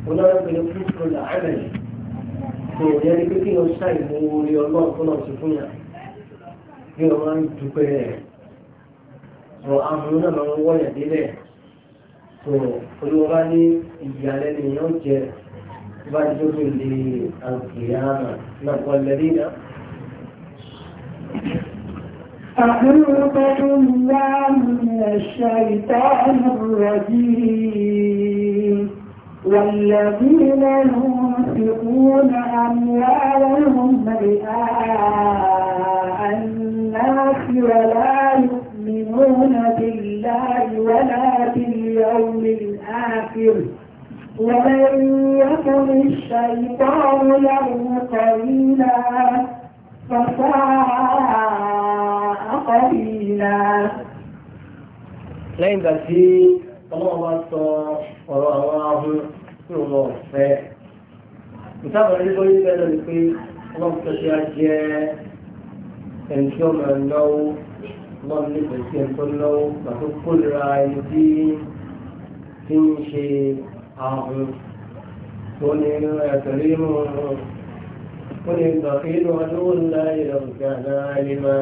olórí pé ní kúfúrú là ámẹ́lì tó ń yẹ ni pé kí wọ́n ṣàìmọ̀ orí ọlọ́run tó náà ṣe fún yà bí wọ́n máa ń dúpẹ́ rẹ̀ sọ àmúlò náà wọ́yà délẹ̀ tó olúwa bá ní ìyàlẹ́nu yẹn jẹ́ rẹ̀. bá ti dókè lé àgbéyàmà náà أعوذ بالله من الشيطان الرجيم والذين ينفقون أموالهم رئاء الناس ولا يؤمنون بالله ولا باليوم الآخر ومن lẹ́yìn ìgbà tí ọlọ́run bá sọ ọ̀rọ̀ àwọn ahun tí ò lọ fẹ́ ìtàbọ̀ ní bóyí fẹ́ lọ ni pé ọlọ́run tó ṣe jẹ́ ẹni tí ọmọ ẹ̀ náwó ọlọ́run nípa ìṣẹ́ tó náwó pàtó kólera ẹni tí ń ṣe عاقل كن كريم كن بخيل عدو الله لو كان علما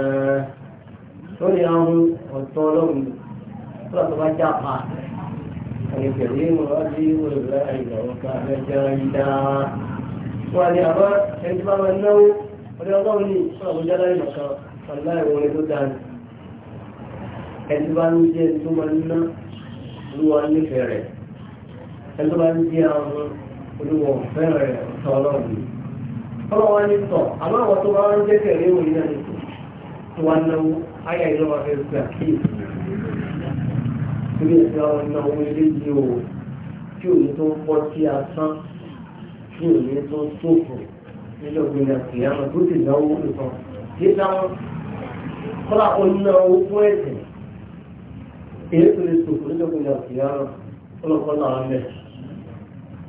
كن يوم والظلم قد وجعها كن كريم عدو الله لو كان جاهدا وعلي أبا إنسان النوم ولي الله لي صلى الله عليه وسلم الله يولد ذلك ẹni bá ń jẹ́ tó máa ń ná ló wá nífẹ̀ẹ́ rẹ̀ ẹni tó bá ń jẹ́ àwọn olúwọ̀ fẹ́rẹ̀ ọ̀tọ̀ ọlọ́run ni ọlọ́run wá ní tọ̀ àmọ́ àwọn tó bá ń jẹ́ tẹ̀lé ìwé náà ní tó wá náwó ayé ìlọ́wọ́ fẹ́ gbà kíyèsí torí ẹ̀sìn àwọn ìnáwó ilé yìí o tí ò ní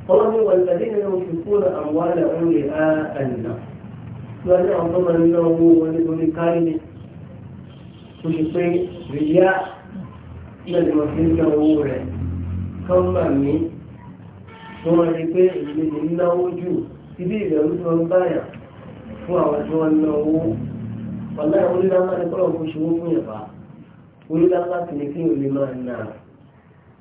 قال والذين ينفقون أموالهم رئاء الناس lọ́jọ́ àwọn tó máa ń lọ owó wọlé lórí káyọ̀dé kò sì pé rìyá náà ni wọ́n fi ń lọ owó rẹ̀ kán bà mí wọ́n rí pé èmi lè náwó jù ibi ìrẹ̀lú tó ń báyà fún àwọn tí wọ́n ná owó ọ̀la ìwọlé lámà ní kọ́lọ̀ fún ṣòwò fún yàrá orí lámà kí n lè máa nà á.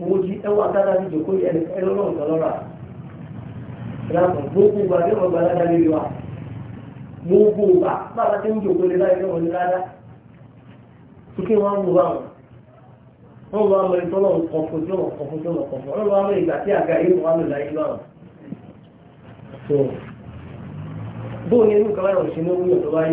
owó tí ẹwà dáadáa ní ìjòkó yẹn ẹlọ́rọ̀ ìtọ́lọ́rà ìlànà gbogbo ìgbà tí wọ́n gba dáadáa lè wà gbogbo ìgbà bàbá tí ń jòkó lè láì lọ́wọ́ ní dáadáa tí kí wọ́n ń wù bá wọn wọ́n wọ́n mọ ìtọ́lọ́ nǹkan fojú wọn kan fojú wọn kan fún wọn wọ́n mọ ìgbà tí àga yìí wọ́n lò láyé lọ́rùn. bóun ni irú kan láyọ̀ ṣe ní wúyọ̀ tó bá yé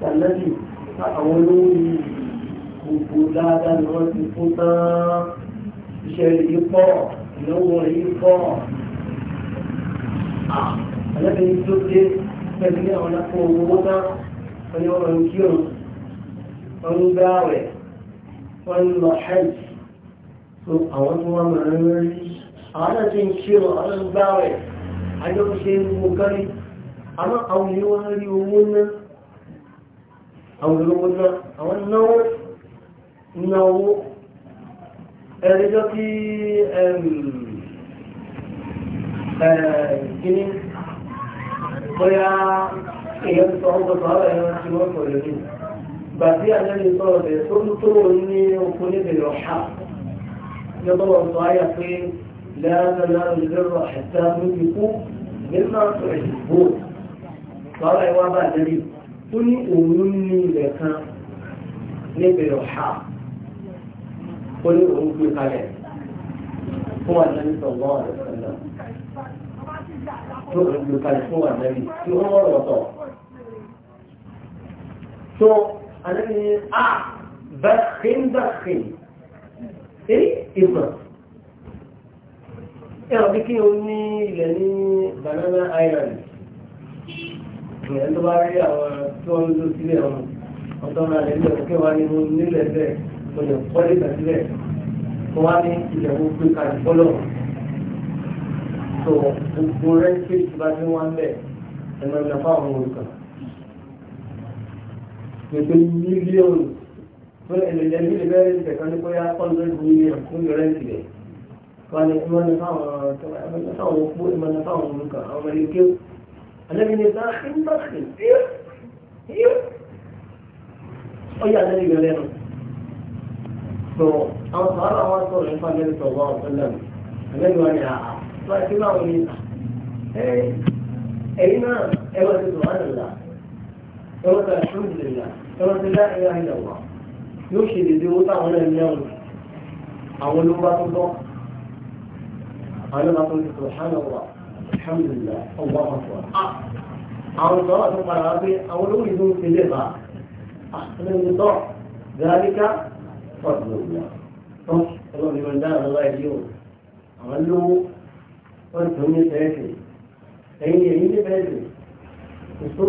tàlẹ́bì àwọn olórí gbogbo dáadáa ni wọ́n ti kú tán iṣẹ́ yìí pọ̀ ìnáwó yìí pọ̀ tàlẹ́bì yìí tó dé pẹ̀lú ní àwọn akọ owó tán wọ́n ni wọ́n ń kírun wọ́n ń gbáwẹ̀ wọ́n ń lọ hajj tó àwọn tó wọ́n máa ń rí àwọn náà ti ń kírun àwọn ń gbáwẹ̀ àjọ ṣe ń mú kárí àwọn àwọn yìí wọ́n rí owó náà أو لونا أو النوع نوع أرجوكي أم أكيني فيا إيه الصعود صار إيه الصعود صار يعني بس يا جماعة صار ده صار نطول إني وكوني في الروحة يطلع صايا في لا لا الجرة حتى من يكون مما تعجبه صار إيه وابع جديد ó ní òun ní ilẹ̀ kan níbi ọ̀há ó ní òun gbé kalẹ̀ fún ànábì sọ̀gbọ́n rẹ̀ sọ̀lá tó òun gbé kalẹ̀ fún ànábì tí ó wọ́n rọ̀tọ̀. tó ànábì ní a bẹ́ẹ̀kín bẹ́ẹ̀kín èyí ìgbọ̀n ẹ̀rọ bí kí o ní ilẹ̀ ní banana island ìyẹn tó bá rí àwọn tí wọ́n ń lò sílẹ̀ ọ̀hún ọ̀tọ́ náà lè lè kí wọ́n ní mo nílẹ̀ bẹ́ẹ̀ mo lè kọ́ lè gbà sílẹ̀ kó wá ní ilẹ̀ mo gbé kalẹ̀ fọ́lọ̀ tó gbogbo rẹ̀ ṣe ti bá tí wọ́n ń bẹ̀ ẹ̀mọ ìlà fáwọn olùkọ́ pẹ̀lú mílíọ̀nù fún ẹ̀lẹ́lẹ́ ní ìlẹ́ ìtẹ̀kan ní bóyá hundred million fún ìrẹ́ǹtì rẹ̀ wọ́n ní ìmọ̀ nípa àwọn olùkọ́ àwọn ọmọ ilé kéwù أنا الذي داخل داخل هي إيه؟ إيه؟ هي الذي يلينه فأنا صار رسول الله صلى الله عليه وسلم الذي وانا فأتينا ونينا أين أولد سبحان الله أولد إيه الحمد لله أولد لا إله إلا الله يوشي بدي وطا ولا اليوم أولو باتو دوك أنا باتو سبحان الله alhamdulillah ọgbà ọ̀pọ̀ ah, àwọn ìgbà wà tó padà wá pé àwọn olówó ìlú ń fi lè bá àtúnṣe tọ́ gàríkà ọ̀dùn òwúrọ̀ tó ọlọ́run ìmọ̀ dára lọ́wọ́ ẹ̀dí o àwọn lówó wọ́n tó ní fẹ́ẹ́sì ẹ̀yìn ẹ̀yìn ní fẹ́ẹ́sì ìṣó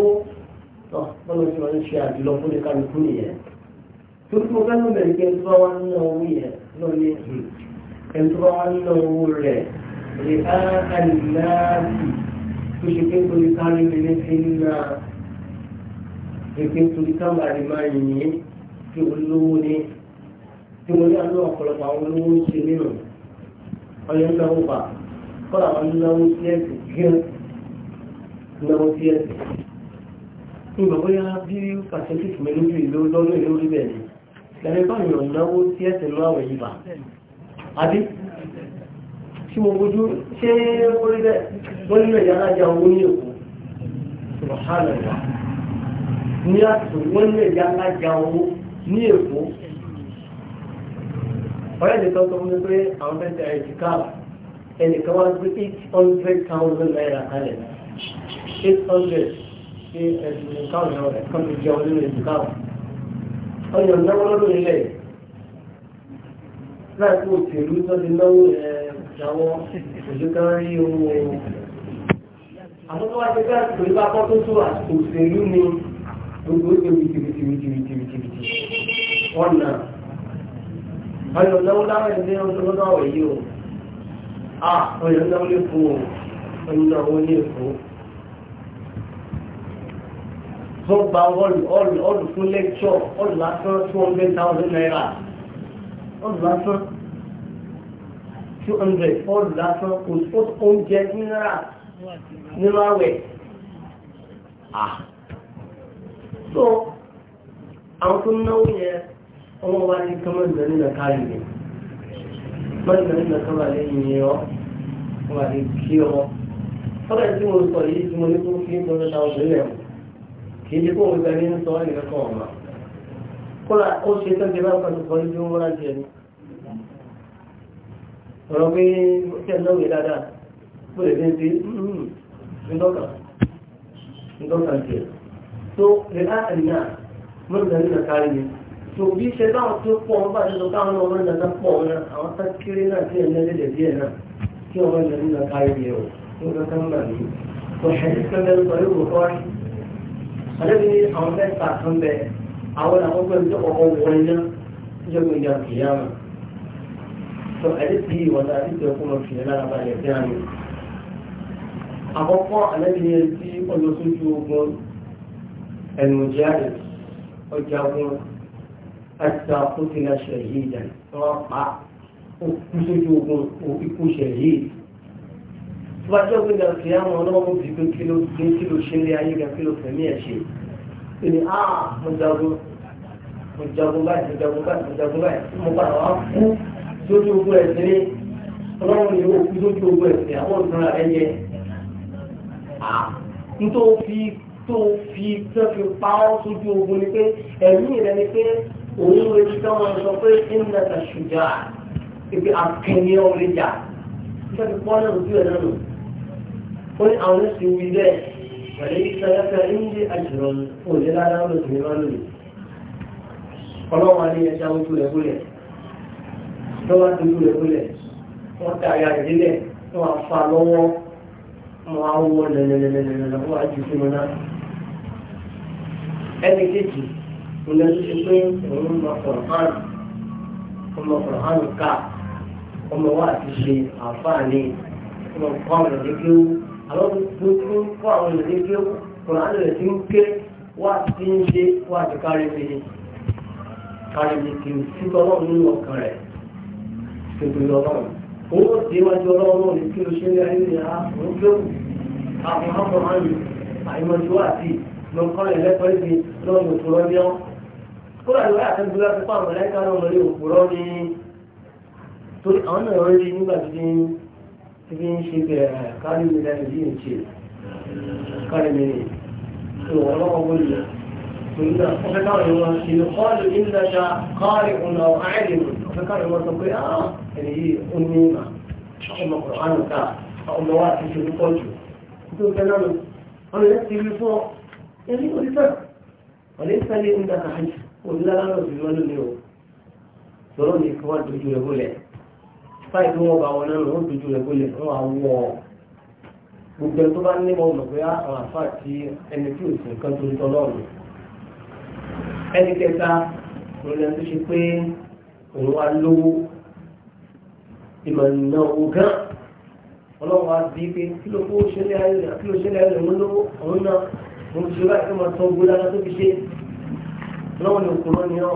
tọ́ bọ́lá tí wọ́n ń ṣe àjùlọ fún ní kálukú nìyẹn tó tí mo fẹ́ ló bẹ̀rẹ̀ kí ẹni tó bá wá ń owó yẹn lọ́ọ́ ní ẹni tó bá wá ń owó rẹ̀ رئاء الناس تشكين تلقان من السنة ìpín torí káwọn àdìmáyìn yìí tí olówó ní tí mo ní àlọ́ ọ̀pọ̀lọpọ̀ àwọn olówó ń ṣe nínú ọyọ́ náwó bá kọ́lá àwọn ìlú lọ́dún ìlú orí bẹ́ẹ̀ ni lẹ́nu báyìí ọ̀nàwó sí ẹ̀sìn yìí bá. àbí tí mo bójú ṣé wọ́n nílò ìyá alájà owó ní èkó subhanallah ní àtò wọ́n nílò ìyá alájà owó ní èkó ọ̀rẹ́ mi tọ́ sọ fún mi pé àwọn fẹ́ ṣe àìsí káàbù ẹnìkan wá gbé eight hundred thousand naira kalẹ̀ eight hundred ṣe ẹ̀sìn ìkáwọn náà rẹ̀ kan fi jẹun nínú ìkáwọn ọyàn náwó lọ́dún ilẹ̀ láìpẹ́ òṣèlú tó ti náwó ẹ̀ẹ́ lọ́wọ́ òjò kan rí owó ẹ̀yìn. àwọn tó wá ṣe bá pẹ̀lú apá tó tó òṣèlú ni gbogbo ètò ìtìrìtìrìtìrìtìrìtì wọ́n nà ọyọ̀ lọ́wọ́ láwọn ẹgbẹ́ ọdún ọwọ́ yìí o ah ọyọ̀ lọ́wọ́ lè fún o ọyọ̀ lọ́wọ́ lè fún o tó gba ọlù fún lẹ́kṣọ̀ ọlù lásán two hundred thousand naira ọlù lásán two hundred fọ́ọ̀lù lásán kò tó oúnjẹ nínú nínú àwẹ̀. so àwọn tó náwó yẹn ọmọ wa ní kọ́mọ̀ ìgbà nínú káàrí mi kọ́mọ̀ ìgbà nínú kọ́mọ̀ lẹ́yìn yẹn ọ́ wà ní kí ọ fọ́dà tí mo sọ yìí tí mo ní kó fi ń tọ́jú ta obìnrin ẹ̀ kì í ṣe kó mo gbà ní sọ ọ́ kan ọ̀ma kó la ó ṣe tẹ́jú bá ń pàṣẹ kọ́ ní bí wọ́n rán jẹ ni ọ̀rọ̀ pé kí ẹ lọ́wọ́ dáadáa bó lè dé sí hmm, hmm, hmm, ǹdọ́kà ǹdọ́kà tiẹ̀ tó lè á àdìyà mọ́tò nígbà kárí ni tó bí ṣe táwọn tó pọ̀ wọn bá ṣẹlẹ̀ káwọn ọmọ nígbà tá pọ̀ wọn àwọn tá kéré náà tí ẹ̀ lẹ́lẹ́dẹ̀ díẹ̀ náà kí ọmọ nígbà nígbà kárí ni ọ̀ nígbà tá ń bà ní. kò ṣẹlẹ̀ kẹ́kẹ́ ló sọ yóò sọ àdìsí ìwọ̀nà àdìsí ọkùnrin òṣèlú lára balẹ̀ sí àmì àkọ́kọ́ alẹ́bìnrin tí ọlọ́sójú ogun ẹnùjẹ́ ọjàgun àti àkótìlá ṣẹ̀yìdà wọ́n pa òkúsójú ogun òkú ṣẹ̀yìd tó bá jẹ́ ògbéga sí àwọn ọlọ́wọ́ fi pé kí ló gbé kí ló ṣe lé ayé ga kí ló fẹ̀mí ẹ̀ ṣe kí ni a mo jagun mo jagun báyìí mo jagun báyìí mo jagun báyìí mo padà wá kú lójú ogun ẹ̀sìn ní ọlọ́run ni ó kú lójú ogun ẹ̀sìn àwọn ìdúrà rẹ̀ yẹ. tó fi tó fi tó fi pa ọ́ sójú ogun ni pé ẹ̀mí rẹ̀ ni pé òun retí táwọn sọ pé ẹ̀ńdà ta ṣùjà ibi akẹ́ni ọ̀rẹ́ jà nígbà tí pọ́n náà ojú ẹ̀ náà nù. ó ní àwọn ẹ̀sìn wí bẹ́ẹ̀ pẹ̀lú ìsẹ́lẹ́fẹ́ ẹ̀ńdí àjùrọ̀ òde lára ọ̀rọ̀ ìgbìmọ̀ ọlọ́run á ní ẹja ojú rẹ̀ gúnlẹ̀ lọ́wọ́ àdúgbò rẹ̀ kúlẹ̀ wọ́n ta ara rẹ̀ délẹ̀ wọ́n á fa lọ́wọ́ wọ́n á wọ́ lẹ́lẹ́lẹ́lẹ́lẹ́ wọ́n á ju sínú náà. ẹni kejì kò ṣe pé òun mọ kọ̀ọ̀hán ọmọ kọ̀ọ̀hán ká ọmọ wa ti ṣe àǹfààní ọmọ kọ̀ọ̀hán rẹ̀ kéwú àwọn gbogbo fún àwọn ènìyàn kéwú kọ̀ọ̀hán rẹ̀ ti ń ké wá ti ń ṣe wá ti kárí mi kárí mi kì í sí tọ́lọ́ nínú ọkàn rẹ̀ tòkòrò ọlọ́run ó ti wájú ọlọ́run náà ní kí o ṣe ní ayé ní àwọn kéwù àwọn akọ̀hánmi àìmọ̀jú àti lọ́kọ́rin ẹlẹ́kọ̀ọ́ ìgbé lọ́run òpùrọ̀ ní ọ́ kódà ló yà tẹ́gbẹ́ láti fún àwọn ẹ̀ka náà lórí òpùrọ̀ ní torí àwọn náà rí nígbà tí ti fi ń ṣe bẹ̀rẹ̀ kárí mi lẹ́nu bí n ṣe kárí mi ní ìwọ̀lọ́wọ́ gbọ́dọ̀ torí náà wọ́n fẹ́ káwọn ìwọ̀n ṣe àfikàrọ̀ wọn sọ pé ẹni yìí ó ní ọmọ kọ̀ọ̀ánù ká ọmọ wa ti ṣe púpọ̀ jù tó fẹ́ náà lọ wọn lè ti rí fún ọ ẹni onífẹ́ ọ̀lẹ́ ìfẹ́lẹ́ ń dàkà hajj onílára o sọ̀rọ̀ ní kí wọ́n dojú rẹ̀ bólẹ̀ fáìlì wọn bá wọn náà wọ́n dojú rẹ̀ bólẹ̀ wọ́n á wọ̀ ọ́ gbogbo ẹni tó bá ní wọn mọ̀ pé àwọn àfa àti ẹni tí ò sì nǹkan tó ń tọ́ lọ́rùn ẹni kẹta òun tó ṣe pé òun wá lówó ìmọ̀ ìnà ògán ọlọ́wọ́ àti pé kí ló kó ṣẹlẹ̀ ayé kí ló ṣẹlẹ̀ ayé òun lówó òun náà mo ti ṣe báyìí kí wọ́n tọ́ owó lára tó fi ṣe lọ́wọ́ ni òkú lọ́ni náà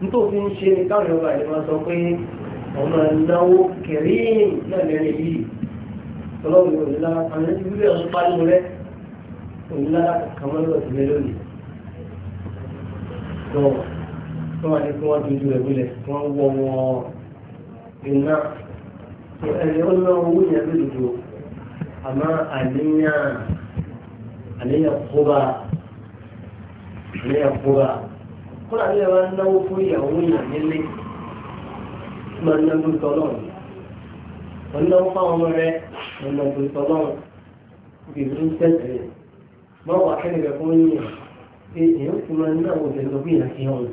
nítòsí ń ṣe ní káwọn ìjọba ìjọba sọ pé ọmọ ìnáwó kẹrí náà lẹ́rìn yìí ọlọ́run ni nílára àwọn ẹni wíwẹ̀ ọ̀hún pariwo rẹ òun nílára kankan tó wà ní kí wọ́n dojú ẹ̀ wílẹ̀ wọ́n wọ́ wọn iná tó ẹni ó ná owó yẹn lódodo àmọ́ àníyàn àníyàn kóbá àníyàn kóbá kódà ní ẹ̀rọ náwó fún ìyàwó yẹn nílé máa ń náwó tọ́lọ́run wọ́n náwó fáwọn ọmọ rẹ̀ wọ́n náwó tọ́lọ́run ìlú tẹ̀sẹ̀ máa wà kẹ́nìkẹ́ fún yín pé èyí ó ti máa ń náwó tẹ̀sọ̀ bí ìyàkí ọ̀hún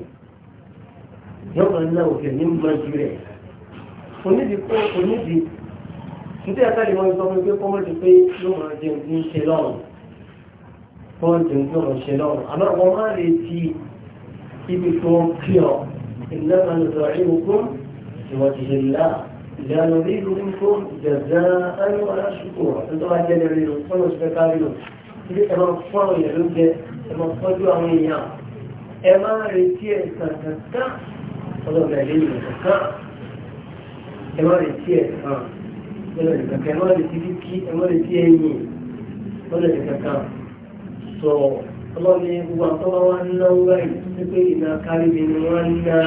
yóò kàn náà òkè ní mọ ju rẹ̀ onídìí kó onídìí nítorí àtàlẹ́ wọn sọ fún pé kọ́mọ́dé pé yóò máa jẹun tí ń ṣe lọ́rùn wọ́n ti ń tọrọ ṣe lọ́rùn àmọ́ wọn máa lè ti ibi tí wọ́n kí ọ ìlànà lọ́dọ̀ ìwòkún ìwọ̀tìṣẹ́ ńlá ìlànà rírun nǹkan ìjàzá ẹnu aláṣùkò àtúntọ́wá jẹ́lẹ̀ rírun fọ́nà ṣẹ́ káríò ilé ẹ̀rọ fún àwọn èèyàn ló jẹ ẹ̀rọ tọ́jú àwọn èèyàn ẹ máa retí ẹ̀ kàkàkà ọlọ́run náà lẹ́yìn ìrọ̀kàn ẹ má lè tí ẹ̀ kan lọ́nà ìkankan ẹ má lè tí kíkí ẹ má lè tí ẹ̀yìn lọ́nà ìkankan sọ ọlọ́run ní gbogbo àtọ́wá wa ń náwó báyìí tó pé ìná kárí mi ni wọ́n ń ná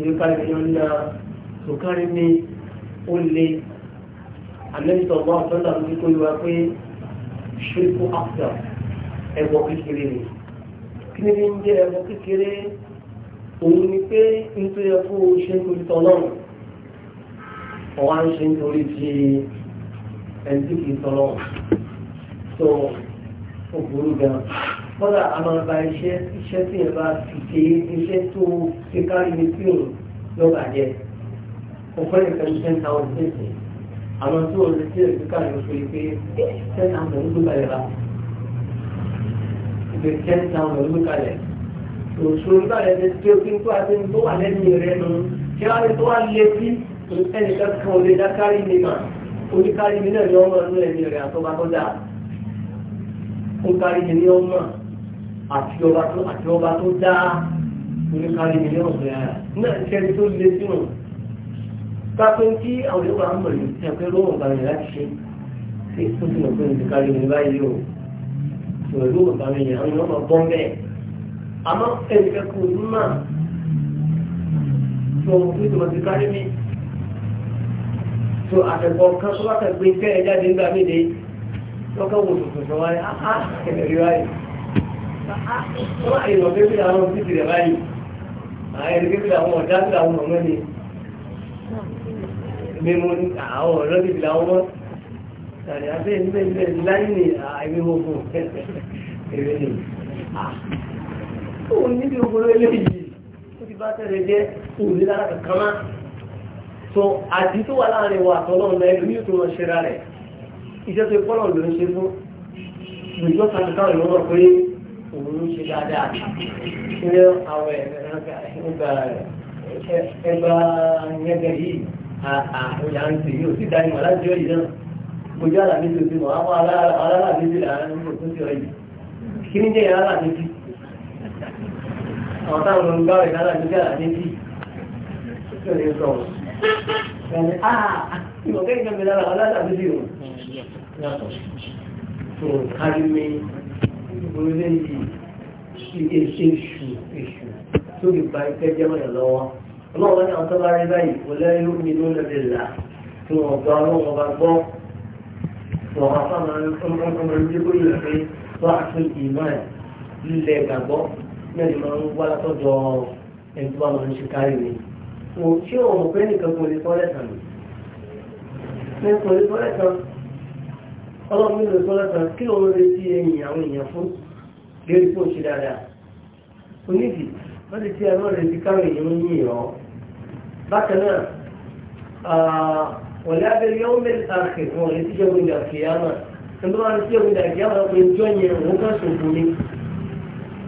ìlú kárí mi ni wọ́n ń ná tó kárí mi ó le àmẹ́sọ̀ mi kó yíwa pé ṣe kó áfíà ẹ̀bọ̀ kékeré ni kí ni òun ni pé nítorí ẹkú ṣe ń torí tọ́lọ́run ọ̀wá ń ṣe ń torí ti ẹ̀ńtí kìí tọ́lọ́run tó ó burú gan kọ́lá àmàlà iṣẹ́ iṣẹ́ tí ẹ bá ti ṣe iṣẹ́ tó ṣe kárí ní fíìmù lọ́gbà jẹ́ ọ̀pọ̀ ẹ̀ka ní ten thousand fifty àwọn tó ń retí ẹ̀ka kárí ní fíìmù pé ten thousand ló gbé kalẹ̀ bá ten thousand ló gbé kalẹ̀ òṣòro nígbà rẹ̀ ní tí ó fi ń tó àti tó wà lẹ́nu rẹ̀ nù kí wọ́n á lè tó wà létí ẹnìkan kan ò lè dá kárí mi mà oníkárí mi náà ni wọ́n máa ń lé ẹni rẹ̀ àtọ́ba tó dáa oníkárí mi ni wọ́n mọ̀ àti ọba tó àti ọba tó dáa oníkárí mi ni wọ́n fẹ́ ara náà ìṣẹ́ni tó lé sínú kápẹ́ tí àwọn ìwà ń bọ̀ ti ẹ̀kọ́ lóhùn ìgbà yẹn láti ṣe ṣe tó ti mọ̀ pé oníkárí mi báyìí o ìwà lóhùn ìgbà yẹn àmọ́ ẹnìkan kò ní mà tó ní tòmọ̀ ti kárí mi tó àtẹ̀kọ́ kan tó bá kẹ́ gbé kẹ́ ẹ jáde nígbà mí de lọ́kàn wò tó tòṣọ wáyé áá ah, kẹ̀lẹ́rì ah, wáyé wọ́n àyè lọ pé bí àwọn títì rẹ̀ báyìí àyè lọ pé bí àwọn ọ̀dá sí ah, àwọn ọmọ mi mi mo ní àwọn ọ̀rọ̀ títì làwọn mọ́ tàbí abẹ́ ìgbẹ́ ìgbẹ́ láyé ní àìwé gbogbo èrè ni òun níbi ògbóró eléyìí ó ti bá tẹ̀lé jẹ́ òun ní lára kankan má so àdí tó wà láàrin wa àtọ́lọ́run náà ẹlòmíì tó lọ ṣe ra rẹ̀ iṣẹ́ tó pọ́lọ̀ ló ń ṣe fún ìjọ kàkàkà ìlú wọn pé òun ń ṣe dáadáa ṣe àwẹ̀ ẹgbà yẹgẹ yìí àyà ń tèyí ò sí dání wọn láti ọ̀yìn náà mo jẹ́ àlàmísì òsì mọ̀ àwọn alálàmísì àwọn táwọn ló ń gbá rẹ̀ lára sọ ẹni áà ìmọ̀kẹ́ ìjọba mi lára aládàbí sí yàtọ̀ tó kárí mi orílẹ̀ yìí sí èsì èṣù èṣù tó lè gba ìfẹ́ jẹ́mọ̀ lọ́wọ́ ọlọ́run ní àwọn bá rí báyìí kò lẹ́yìn omi ló lè lè là tí wọ́n gba ọlọ́run bá gbọ́ wọ́n wá fáwọn ọmọ ọmọ ọmọ ìdíbò yìí pé wọ́n á tún ìmọ̀ ẹ̀ lílẹ̀ gbàgbọ́ náà lè máa ń wá látọ̀dọ̀ ẹni tó bá máa ń ṣe kárí mi kò tí ò mọ̀ pé nìkan kò lè tọ́ lẹ́sàn ní kò lè tọ́ lẹ́sàn ọlọ́run mi lè tọ́ lẹ́sàn kí ló ń retí ẹ̀yìn àwọn èèyàn fún lérí kó ṣe dáadáa onídìí wọ́n ti ti ẹ̀rọ retí káwọn èèyàn ń yìn ọ́ bákan náà wọ́n lé abẹ́rẹ́ yọ́n mẹ́rin àkè wọ́n lè ti jẹ́ gbọ́dọ̀ kìí ni.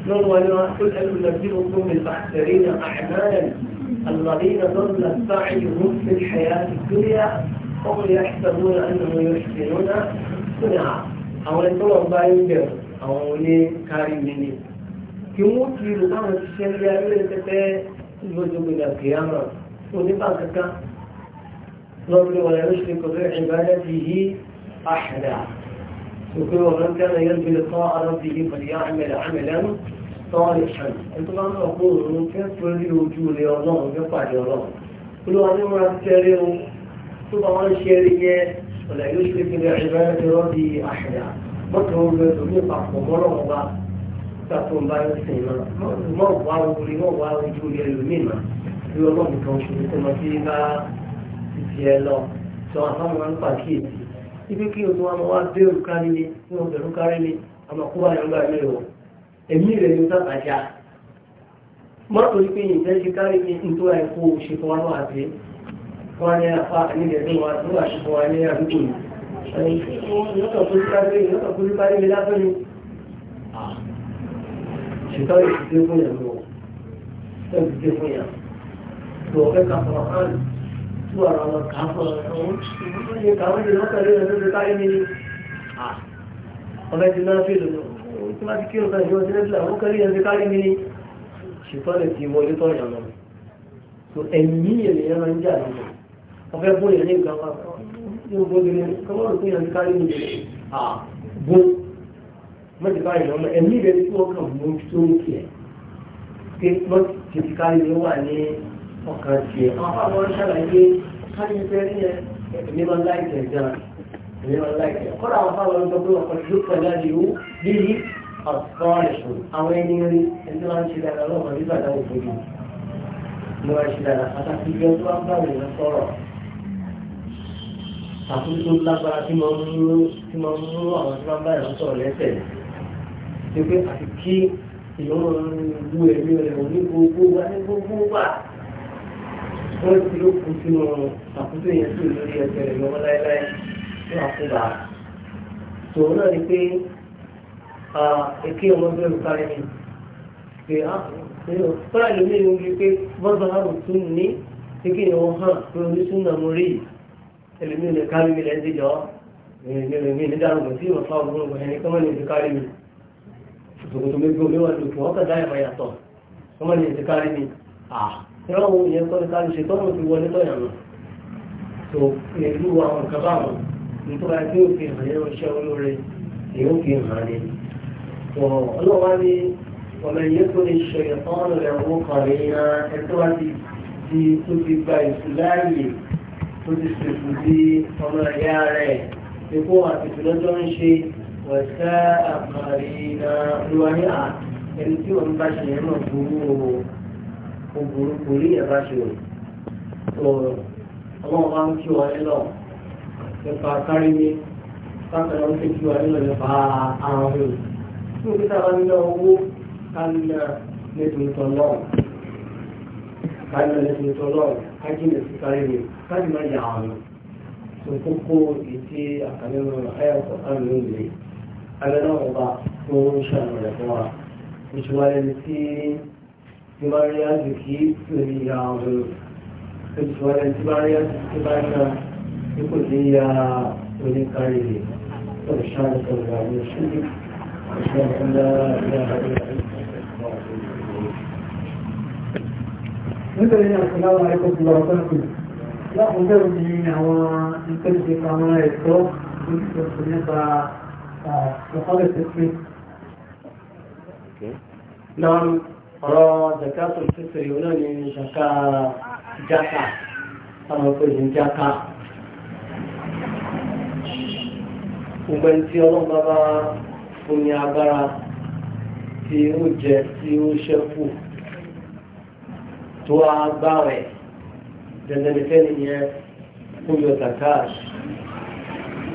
نور ونور كل أنزلوا قوم البحثين أعمال الذين ضل السعي في الحياة الدنيا هم يحسبون أنهم يحسنون صنعا أو أنتم أربعين جر أو أولي كاري مني كموت يلغم الشريعة لتفى الوجوب إلى القيامة ونبقى كا نور ولا يشرك في عبادته أحدا يقول ومن كان يرجو لقاء ربه فليعمل عملا صالحا انتم عم اقول كيف الوجوه لله يقع لله كل واحد ما تكرروا طبعا شيريه ولا يشرك بعبادة ربه احدا مكرهم بالدنيا ومرهم بعض تقوم بها السيما مرضى وقولي ما هو للميمة يقول الله بكم شو يكون فيها في الله سواء كان عن تاكيد ibi kí o tó wọn wá bẹ̀rù kárí ni kí wọn bẹ̀rù kárí ni àmọ́ kó bá yẹn gbà mí o ẹ̀mí rẹ̀ ló sábà já mọ́tò ní pé ìjẹ́ ti kárí ni nítorí àìkú òṣèkọ́ wọn wà sí wọn ní apá nílẹ̀ ní wọn tó wà ṣùkọ́ wọn ní àdúgbò yìí lọ́tọ̀ tó ti kárí ni lọ́tọ̀ tó ti kárí ni lásán ni ṣùgbọ́n ìṣ tú ọ̀rọ̀ lọ kà á fọ ọ̀hún ìbúkú yẹ kà wọ́n lè lọ́kàlẹ́ rẹ̀ lóde táyé ní ọmọ ẹ̀sìn náà fèlò tí wọ́n ti kí ọ̀sán ìjọ sílẹ̀ sílẹ̀ àwọn kẹ́lí ẹ̀sìn káyé ní ṣùgbọ́n lè ti wọlé tọ́ ìyàn lọ tó ẹ̀mí ènìyàn máa ń jà lọ ọfẹ́ bó yẹn ní nǹkan pàtó yóò bó gẹ́gẹ́ kọ́mọ́rù fún ìyàn káyé ní bó ọkàn tiẹ̀ àwọn ṣàlàyé káyọ̀ fẹ́ rí ẹ èmi máa láìpẹ́ gan èmi máa láìpẹ́ kọ́ra àwọn fáwọn ọ̀dọ́ pé ọkàn tó pẹ̀ láti wú bí àwọn ẹni rí ẹni máa ń ṣe dáadáa lọ́wọ́ nígbà táwọn òfin mo máa ṣe dáadáa pàtàkì ìjọ tó wá ń sọ̀rọ̀ àkókò lágbára tí mo ń mú tí mo ń mú àwọn tí wọ́n bá ènìyàn sọ̀rọ̀ lẹ́sẹ̀ wọ́n ti ló kú sínú àkótó yẹn sí lórí ẹsẹ̀ rẹ̀ lọ́wọ́ láéláé fún àkóbá. tòun náà ni pé èké ọmọ bẹ́ẹ̀ kárí mi pé á fúnra ìlú mi ń rí pé bọ́ọ̀dọ̀ àrùn tún ní èké yẹn wọ́n hàn pé oníṣúná mo rí ẹlòmíì lè kárí mi lẹ́sẹ̀ jọ ẹlòmíì lè dárò sí ìwọ̀fà ògbóǹgbò ẹni kọ́mọ́ ní kárí mi. tòkòtò mi gbọ́ mi wà lókè wọ́n kàn ìran òun yẹn kọ́ ní ká ló ṣe tọ́nà ti wọlé lọ́yà nù tó pẹ̀lú àwọn nǹkan báwọn nítorí àti òfin hàn yẹn ṣẹ́ olóore èyí ó fi hàn ní. ọlọ́wà ni ọmọ ẹ̀yẹ́ tó lè ṣe ìtọ́nà rẹ̀ owó kan rí na ẹ̀tọ́ láti di tó ti gba ìfúláyè tó ti ṣèkù bí ọmọ ẹ̀yà rẹ̀ ikú àti ìfúlọ́jọ́ ń ṣe wẹ̀sẹ̀ àkàrí na olúwa ní à ẹni tí wọ́n bá ṣe yẹn náà burú o ó burú kò rí ẹ̀bá ṣe o tó ọlọ́run máa ń kí wa nílọ nípa kárí mi bákan náà ó ṣe kí wa nílọ nípa àrùn mi tí mo kíta bá nílọ owó kálíà nítorí tọ́lọ́ kálíà nítorí tọ́lọ́ kájínà sí kárí mi kájí máa yà àwọn tó kókó ìdí àkàlẹ́nu ayọ̀kọ̀ àmì òde alẹ́ náà ọba tó ń ṣàlùyẹ̀ fún wa ìṣúwárẹ́ni tí tí bá rí àjòkí tó ní ya ọ̀rọ̀ ìṣòwòrán tí bá rí àjòkí tó bá ṣá tí kò ní ya oníkárí rẹ̀ tó ṣáà tó rà ní ṣíbí àti ọ̀kúnlá ilé àbájá nítorí àkùnláwà ẹ̀kọ́kùnlá ọ̀pẹ́kù lákùnkẹ́rù ní àwọn ìpẹ́lẹ̀ àwọn ẹ̀kọ́ oríṣiríṣi nípa ọ̀pọ̀lọpọ̀ ìpínlẹ̀ ọ̀rọ̀ zakato fífèrè náà ni zaka jaka àwọn òpèsè jaka gbogbo ẹni tí ọlọ́run bá bá fún ní agbára tí ó jẹ tí ó ṣẹ́kù tó agbáwẹ̀ dandanifẹ́ni yẹn fún yọ zaka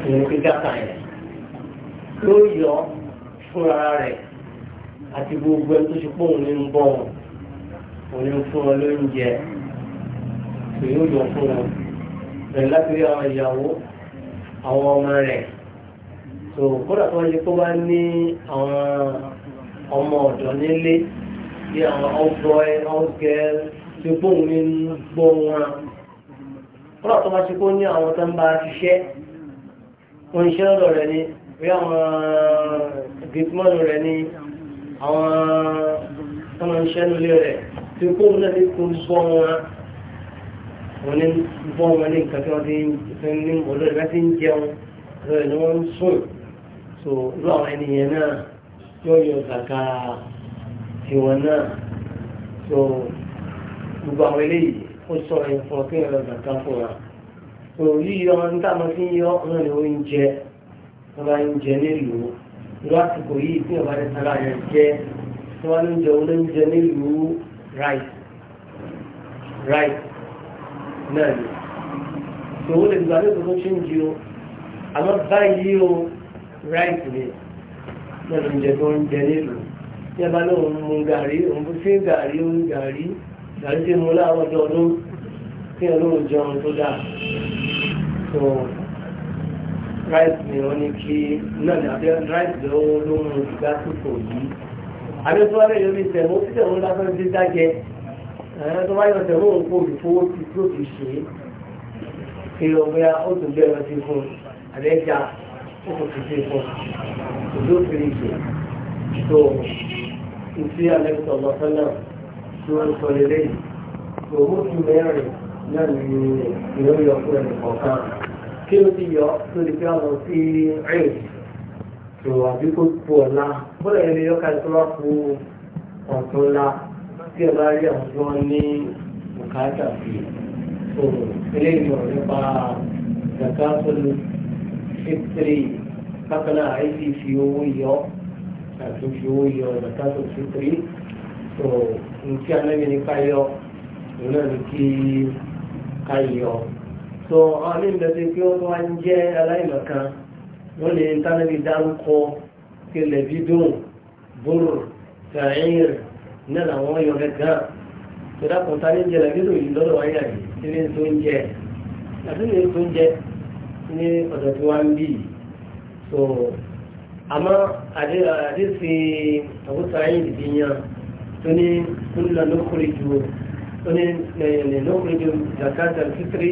ìrìnkí jaka yẹn tó yọ fúnra rẹ̀ àti gbogbo ẹni tó ṣe pé òun ní ń bọ̀ wọn òun ní ń fún wọn lóúnjẹ tó yóò yọ fún wọn bẹ̀rẹ̀ láti rí àwọn ìyàwó àwọn ọmọ rẹ̀ tó kódà tó wọ́n ṣe pé wọ́n ní àwọn ọmọ ọ̀dọ́ nílé bí àwọn ọgbọ́n ọgẹ́ tó pé òun ní ń gbọ́ wọn kódà tó wọ́n ṣe pé ní àwọn tó ń bá ṣiṣẹ́ wọ́n ṣe lọ́dọ̀ rẹ̀ ni bí àwọn gẹ̀tìmọ́nù rẹ̀ ni àwọn tọ́mọ iṣẹ́ rẹ̀ tí kó ń náà kó ń bọ́ wọn wọn ní bọ́ wọn ní nǹkan tí wọ́n ti ń ní ọ̀dọ́ ìgbà wọ́n ń sùn so irú àwọn ènìyàn náà yóò yọ kàkà tiwọn náà so gbogbo àwọn eléyìí ó sọ lásìkò yìí tí ọba ní sára yẹn jẹ tí wọn ń jẹ olóúnjẹ nílùú rice rice náà ni ìṣòwò lè gba ní ìṣòwò ṣe ń di o àmọ́ báyìí o rice ni náà ló ń jẹ tó ń jẹ nílùú tí ẹ bá ní òun mu gàrí òun bó ṣe gàrí òun gàrí gàrí tí mo láàárọ̀ ọjọ́ ọdún tí ẹ lóun jẹun tó dáa rice ni wọ́n ní kí náà ní àbí rice ló ló ń mú ìgbà sòfò yìí àbí tó wá lè yọ bí tẹ̀mú tí tẹ̀mú lásán ti dájẹ́ ẹ̀rọ tó bá yọ tẹ̀mú òun kò rí fowó tí tó ti ṣe é kí lọ bóyá ó tún bí ẹran ti fún àbí ẹja ó kò ti ṣe fún kò tó fi rí ṣe tó ìfi náà tí wọ́n sọ lélẹ́yìn tòun ó mẹ́rin náà ní ìlú ìyọkúrẹ́ nìkan kí ló ti yọ tó lè fi ọ̀nà sí rìn tó àbí kó ọ̀la bọ́lá yẹn lè yọ káyọ̀ tó bá ọ̀tún la tí ẹ bá rí àwọn tí wọ́n ní bùkátà sí tó eléyìí ọ̀rọ̀ nípa ìjàkà tó lè fitiri bákan àìsí fi owó yọ àti fi owó yọ ìjàkà tó fitiri tó nǹkí anáyẹ nípa yọ òun náà ní kí ká yọ so àwọn ní ìbẹ̀tẹ̀ pé ó wá ń jẹ́ aláìmọ̀kan wọ́n lè tánàbí dárúkọ pé lẹ́bídùn búrú fẹ̀yìn náà làwọn yọ gẹ́gẹ́ tó dákùn tá ní jẹ́ lẹ́bídùn yìí lọ́dọ̀ wáyà yìí tí ní tó ń jẹ́ àti ní tó ń jẹ́ ní ọ̀dọ̀ tí wọ́n ń bì so àmọ́ àdéhùn àbúta yìí dìbí yan tó ní kúlọ̀ lókùnrin ju ó ní lókùnrin ju zakata fitri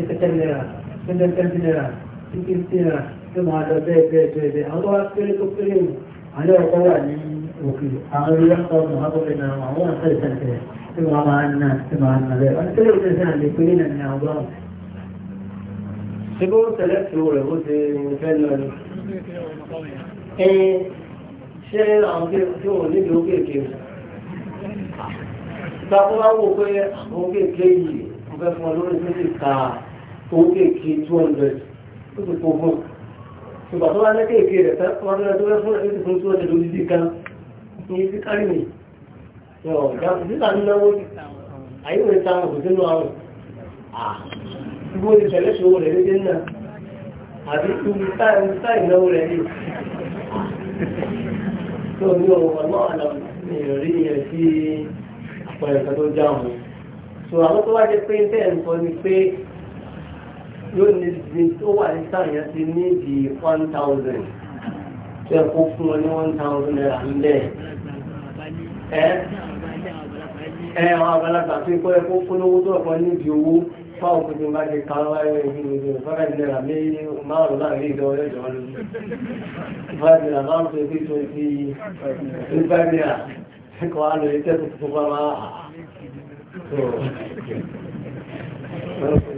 ẹ̀kẹ́kẹ́ náírà twenty náírà fifty náírà tó máa lọ bẹ́ẹ̀ bẹ́ẹ̀ bẹ́ẹ̀ bẹ́ẹ̀ àwọn tó wá kéré tó kéré wù àlẹ́ ọkọ̀ wà ní òkè àwọn ilé ọkọ̀ ọmọ abọ́lé náà àwọn àṣà ìṣẹ̀lẹ̀ tí wọ́n máa ń ná tí máa ń ná bẹ́ẹ̀ wọ́n kéré òṣèṣẹ́ àlè péré náà ní àwọn báwọn. ṣé bó ń tẹ̀lé tó rẹ̀ bó òun kéèké two hundred ti kó fún ṣùgbọ́n tó wá ní kéèké rẹ̀ tán tó lọ́dún fún ẹ̀ fún two lórí sí kan ní sí kárì mi ọ̀gá sísà ń náwó ayé òun ta òun sínú àwọn àti ìwé táì náwó rẹ̀ yìí yóò ní ibi tó wà ní sáyẹn ti ní ibi one thousand tó yẹ kó fún ọ ní one thousand naira ńlẹ̀ ẹ ẹ àwọn àgbàlagbà tó yẹ kó yẹ kó fún owó tó yẹ kó ní ibi owó fáwọn kò tí ń bá ti ka wá ẹgbẹ́ ìgbìmọ̀ ìgbìmọ̀ fọ́nà márùn láàrin ìjọ ọlẹ́jọ́ ọdún ìfàdìrà máa ń pè tó ti ìfàdìrà ẹ̀kọ́ alò ìtẹ́kùn fún fọ́nà (laughs)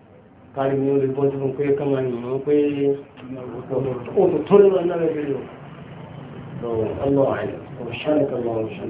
kárí ni ó lè bọ́ sínú pé kán máa yìnbọn pé ó tó tó lè máa náà lè bèrè o. lọ́wọ́